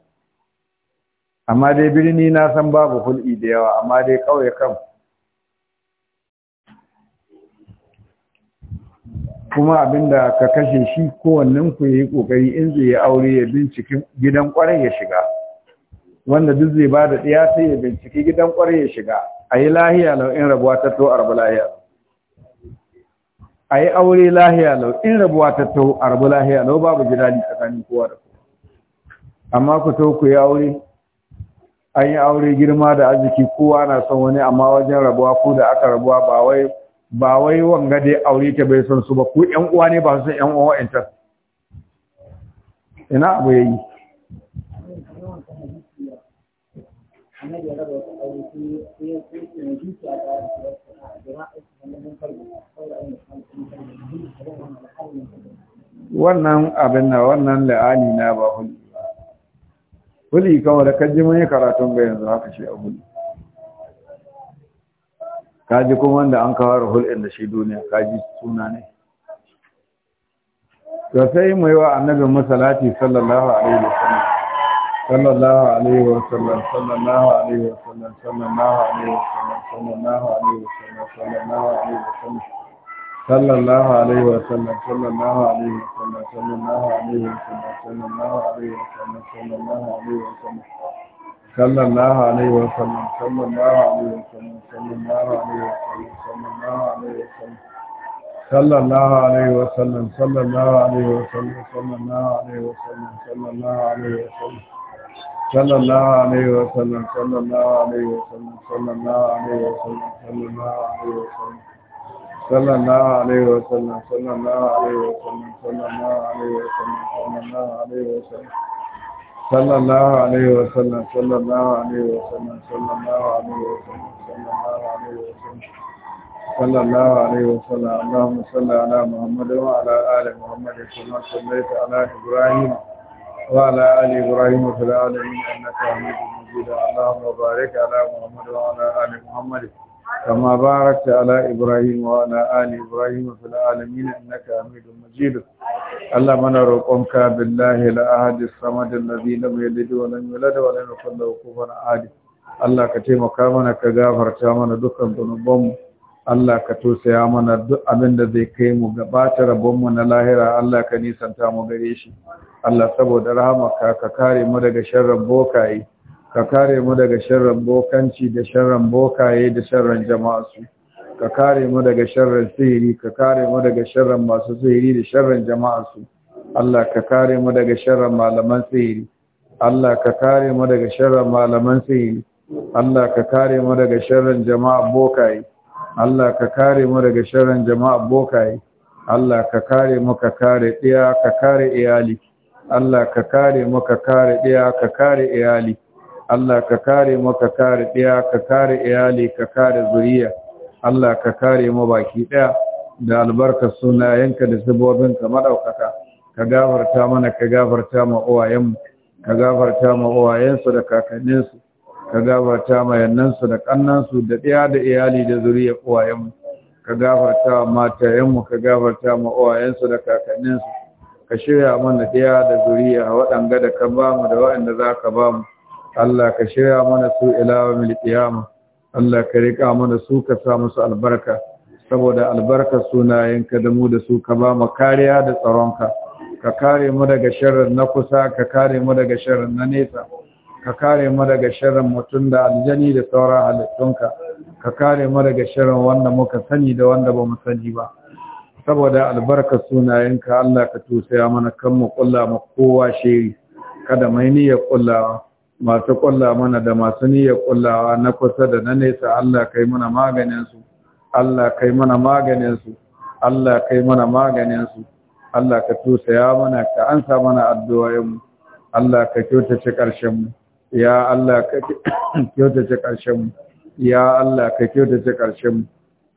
amma dai birni na san babu hulɗi da yawa amma dai kawai kan kuma abinda ka kashe shi kowannen ku yi kokari in zai yi aure ya binciki gidan kwarai ya shiga wanda duk zai bada ɗaya sai ya binciki gidan kwarai ya shiga a yi lahiya lau in rabuwa ta to rabu lahiya a yi aure lahiya lau in rabuwa ta to rabu lahiya lau babu jidali tsakanin kowa da kowa amma ku to ku yi aure an yi aure girma da arziki kowa na son wani amma wajen rabuwa ko da aka rabuwa ba wai ba wai wanga dai aure ta bai son su ba ko ƴan uwa ne ba su san ƴan uwa wa'ancan ina abu yayi wannan abin na wannan la'ani na ba huli ba huli kawai da kajji mun yi karatun bayan yanzu haka shi a huli kaji kuma wanda an kawar hulɗin da shi duniya kaji suna ne to sai mu yi wa annabi masalati sallallahu alaihi sallam. sallallahu alaihi sallam, sallallahu alaihi sallam, sallallahu alaihi sallam, sallallahu alaihi sallam, sallallahu alaihi sallam, sallallahu alaihi sallam, sallallahu alaihi sallam, sallallahu alaihi sallam, sallallahu alaihi sallam, sallallahu alaihi sallam sallallahu na wa sallam sallallahu alaihi wa sallam sallallahu alaihi wa sallam sallallahu alaihi wa sallam sallallahu alaihi wa sallam sallallahu alaihi wa sallam sallallahu alaihi wa sallam sallallahu alaihi wa sallam sallallahu alaihi wa sallam sallallahu alaihi wa sallam sallallahu alaihi wa sallam sallallahu alaihi wa sallam sallallahu alaihi wa sallam sallallahu alaihi wa sallam sallallahu alaihi wa sallam sallallahu alaihi wa sallam sallallahu alaihi wa sallam sallallahu alaihi wa sallam sallallahu alaihi wa sallallahu alaihi wa sallam sallallahu alaihi wa sallam allahumma salli ala muhammadin wa ala ali muhammadin kama sallaita ala ibrahim wa ala ali ibrahim fil alamin innaka hamidun majid allahumma barik ala muhammadin wa ala ali muhammadin كما باركت على إبراهيم وعلى آل إبراهيم في العالمين إنك حميد مجيد اللهم أنا رقمك بالله لأحد الصمد الذي لم يلد ولم يولد ولم يكن له كفوا أحد Allah ka taimaka mana ka gafarta mana dukkan zunubanmu Allah ka tausaya mana duk abin da zai kai mu gabata rabonmu na lahira Allah ka nisanta mu gare shi Allah saboda rahamarka ka kare mu daga sharrin bokaye ka kare mu daga sharran bokanci da sharran bokaye da sharran jama'su ka kare mu daga sharran sihiri ka kare mu daga sharran masu sihiri da sharran jama'su Allah ka kare mu daga sharran malaman sihiri Allah ka kare mu daga sharran malaman sihiri Allah ka kare mu daga sharran jama'a bokaye Allah ka kare mu daga sharran jama'a bokaye Allah ka kare mu ka kare ɗiya ka kare iyali Allah ka kare mu ka kare ɗiya ka kare iyali Allah ka kare mu ka kare ɗaya ka kare iyali ka kare zuriya Allah ka kare mu baki ɗaya da albarkar sunayenka da sabobinka madaukaka ka gafarta mana ka gafarta ma uwayenmu ka gafarta ma uwayensu da kakanninsu ka gafarta ma yannansu da kannansu da ɗaya da iyali da zuriya uwayenmu ka gafarta matayen matayenmu ka gafarta ma uwayensu da kakanninsu ka shirya mana ɗaya da zuriya waɗanga da ka bamu da waɗanda za ka bamu Allah ka shirya mana su ilawa mil qiyama Allah ka rika mana su ka sa musu albarka saboda albarka yanka da mu da su ka ba mu kariya da tsaronka ka kare mu daga sharrin na kusa ka kare mu daga sharrin na nesa ka kare mu daga sharrin mutum da aljani da sauran halittunka ka kare mu daga sharrin wanda muka sani da wanda ba mu sani ba saboda albarka sunayenka Allah ka tusaya mana kan mu kulla mu kowa shiri kada mai niyyar kullawa masu ƙulla mana da masu niyyar ƙullawa na kusa da na nesa Allah kai mana maganinsu Allah kai mana maganinsu Allah kai mana maganinsu Allah ka tusaya mana ka ansa mana addu’ayinmu, Allah ka kyautace ƙarshenmu ya Allah ka kyautace ƙarshenmu ya Allah ka kyautace ƙarshenmu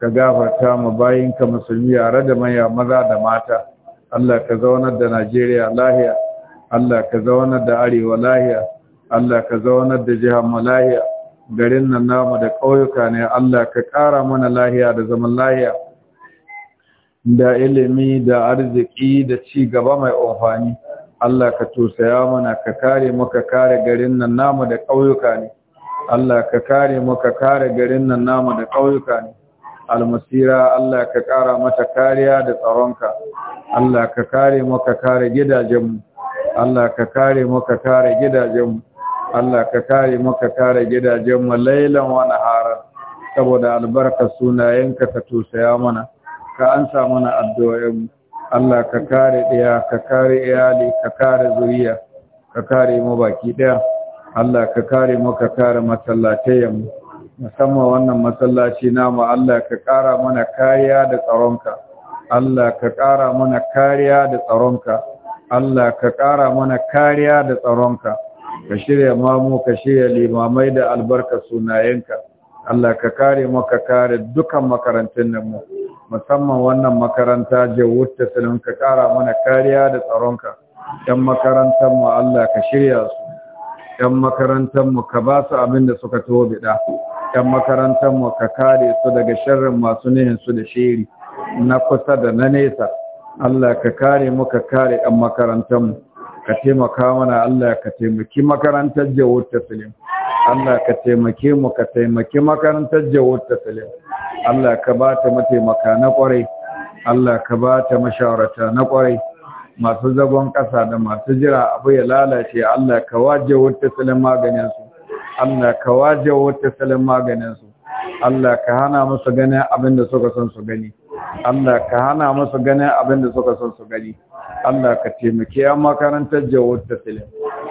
ka gafarta mu bayinka musulmi yare da maya maza da mata Allah ka zaunar da Najeriya lahiya Allah ka zaunar da Arewa lahiya Allah ka zaunar da jihar mu lahiya garin nan namu da ƙauyuka ne Allah ka ƙara mana lahiya da zaman lahiya da ilimi da arziki da ci gaba mai amfani Allah ka tosaya mana ka kare mu ka kare garin nan namu da ƙauyuka ne Allah ka kare mu ka kare garin nan namu da ƙauyuka ne almasira Allah ka ƙara mata kariya da tsaronka Allah ka kare mu ka kare gidajenmu Allah ka kare mu ka kare mu. Allah ka kare maka kare gidajen mu lailan wa naharan saboda albarka sunayenka ka tusaya mana ka ansa mana addu'o'in Allah ka kare ɗaya, ka kare iyali ka kare zuriya ka kare mu baki ɗaya. Allah ka kare mu ka kare masallatayen mu musamman wannan masallaci namu Allah ka kara mana kariya da tsaronka Allah ka kara mana kariya da tsaronka Allah ka ƙara mana kariya da tsaronka ka shirya mamu ka shirya limamai da albarka sunayenka Allah ka kare maka kare dukan makarantun nan mu musamman wannan makaranta jawud ta sanin ka kara mana kariya da tsaronka yan makarantar mu Allah ka shirya su yan makarantar mu ka ba su abin da suka tobe biɗa yan makarantar mu ka kare su daga sharrin masu nihin su da shiri na kusa da na nesa Allah ka kare mu ka kare yan makarantar mu ka taimaka mana Allah ka taimaki makarantar Jawud Taslim Allah ka taimake mu ka taimaki makarantar Jawud Taslim Allah ka ba ta mataimaka na kwarai Allah ka ba ta mashawarta na kwarai masu zagon ƙasa da masu jira abu ya lalace Allah ka waje wata salin maganin su Allah ka waje wata salin maganin su Allah ka hana musu ganin abin da suka son su gani Allah ka hana musu ganin abin da suka son su gani Allah ka taimake makarantar Jawud ta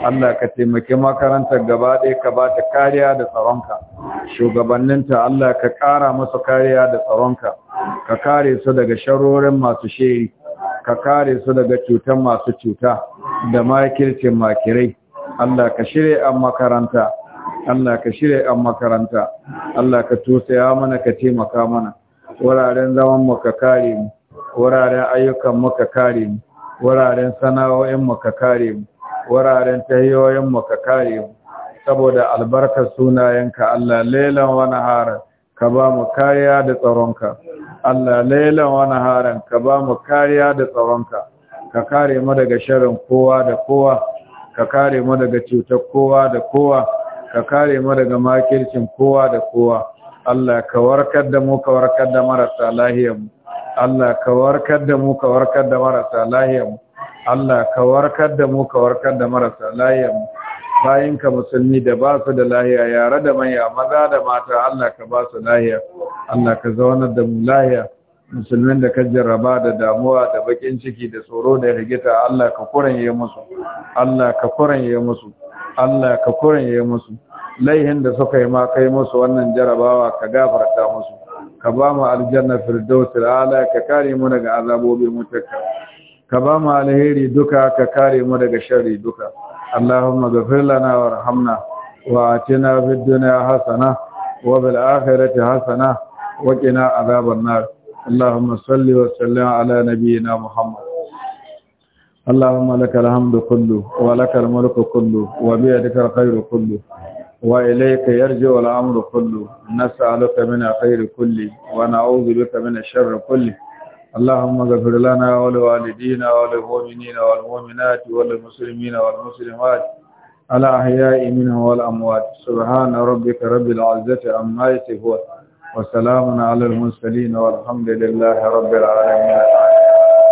Allah ka taimake makarantar gaba ɗaya ka ba ta kariya da tsaronka shugabanninta Allah ka ƙara musu kariya da tsaronka ka kare su daga sharorin masu shiri ka kare su daga cutar masu cuta da makircin makirai Allah ka shirya a makaranta Allah ka shirya a makaranta Allah ka tusaya mana ka taimaka mana wuraren zaman mu ka kare mu wuraren ayyukan mu ka kare mu wuraren sana'o'in mu ka kare mu wuraren tahiyoyin mu ka kare mu saboda albarkar sunayenka Allah lailan wa naharan ka ba mu kariya da tsaronka Allah lailan wa naharan ka ba mu kariya da tsaronka ka kare mu daga sharrin kowa da kowa ka kare mu daga cutar kowa da kowa ka kare mu daga makircin kowa da kowa Allah ka warkar da mu ka warkar da marasa lahiyar mu Allah ka warkar da mu ka warkar da marasa lahiyar mu Allah ka warkar da mu ka warkar da marasa lahiyar mu bayin ka musulmi da ba su da lahiya yare da manya maza da mata Allah ka ba su lahiya Allah ka zaunar da mu lahiya musulmin da ka jarraba da damuwa da bakin ciki da tsoro da rigita Allah ka kuranye musu Allah ka kuranye musu Allah ka kuranye musu laihin da suka yi ma kai musu wannan jarabawa ka gafarta musu ka ba mu aljanna firdausul ala ka kare mu daga azabobin mutaka ka ba mu alheri duka ka kare mu daga sharri duka allahumma ghfir lana warhamna wa atina fid dunya hasana wa bil akhirati hasana wa qina azaban nar اللهم صل وسلم على نبينا محمد اللهم لك الحمد كله ولك الملك كله وبيدك الخير كله وإليك يرجع الأمر كله نسألك من خير كله ونعوذ بك من الشر كله اللهم اغفر لنا ولوالدينا وللمؤمنين والمؤمنات وللمسلمين والمسلمات الأحياء منهم والأموات سبحان ربك رب العزة عما يصفون وسلام على المرسلين والحمد لله رب العالمين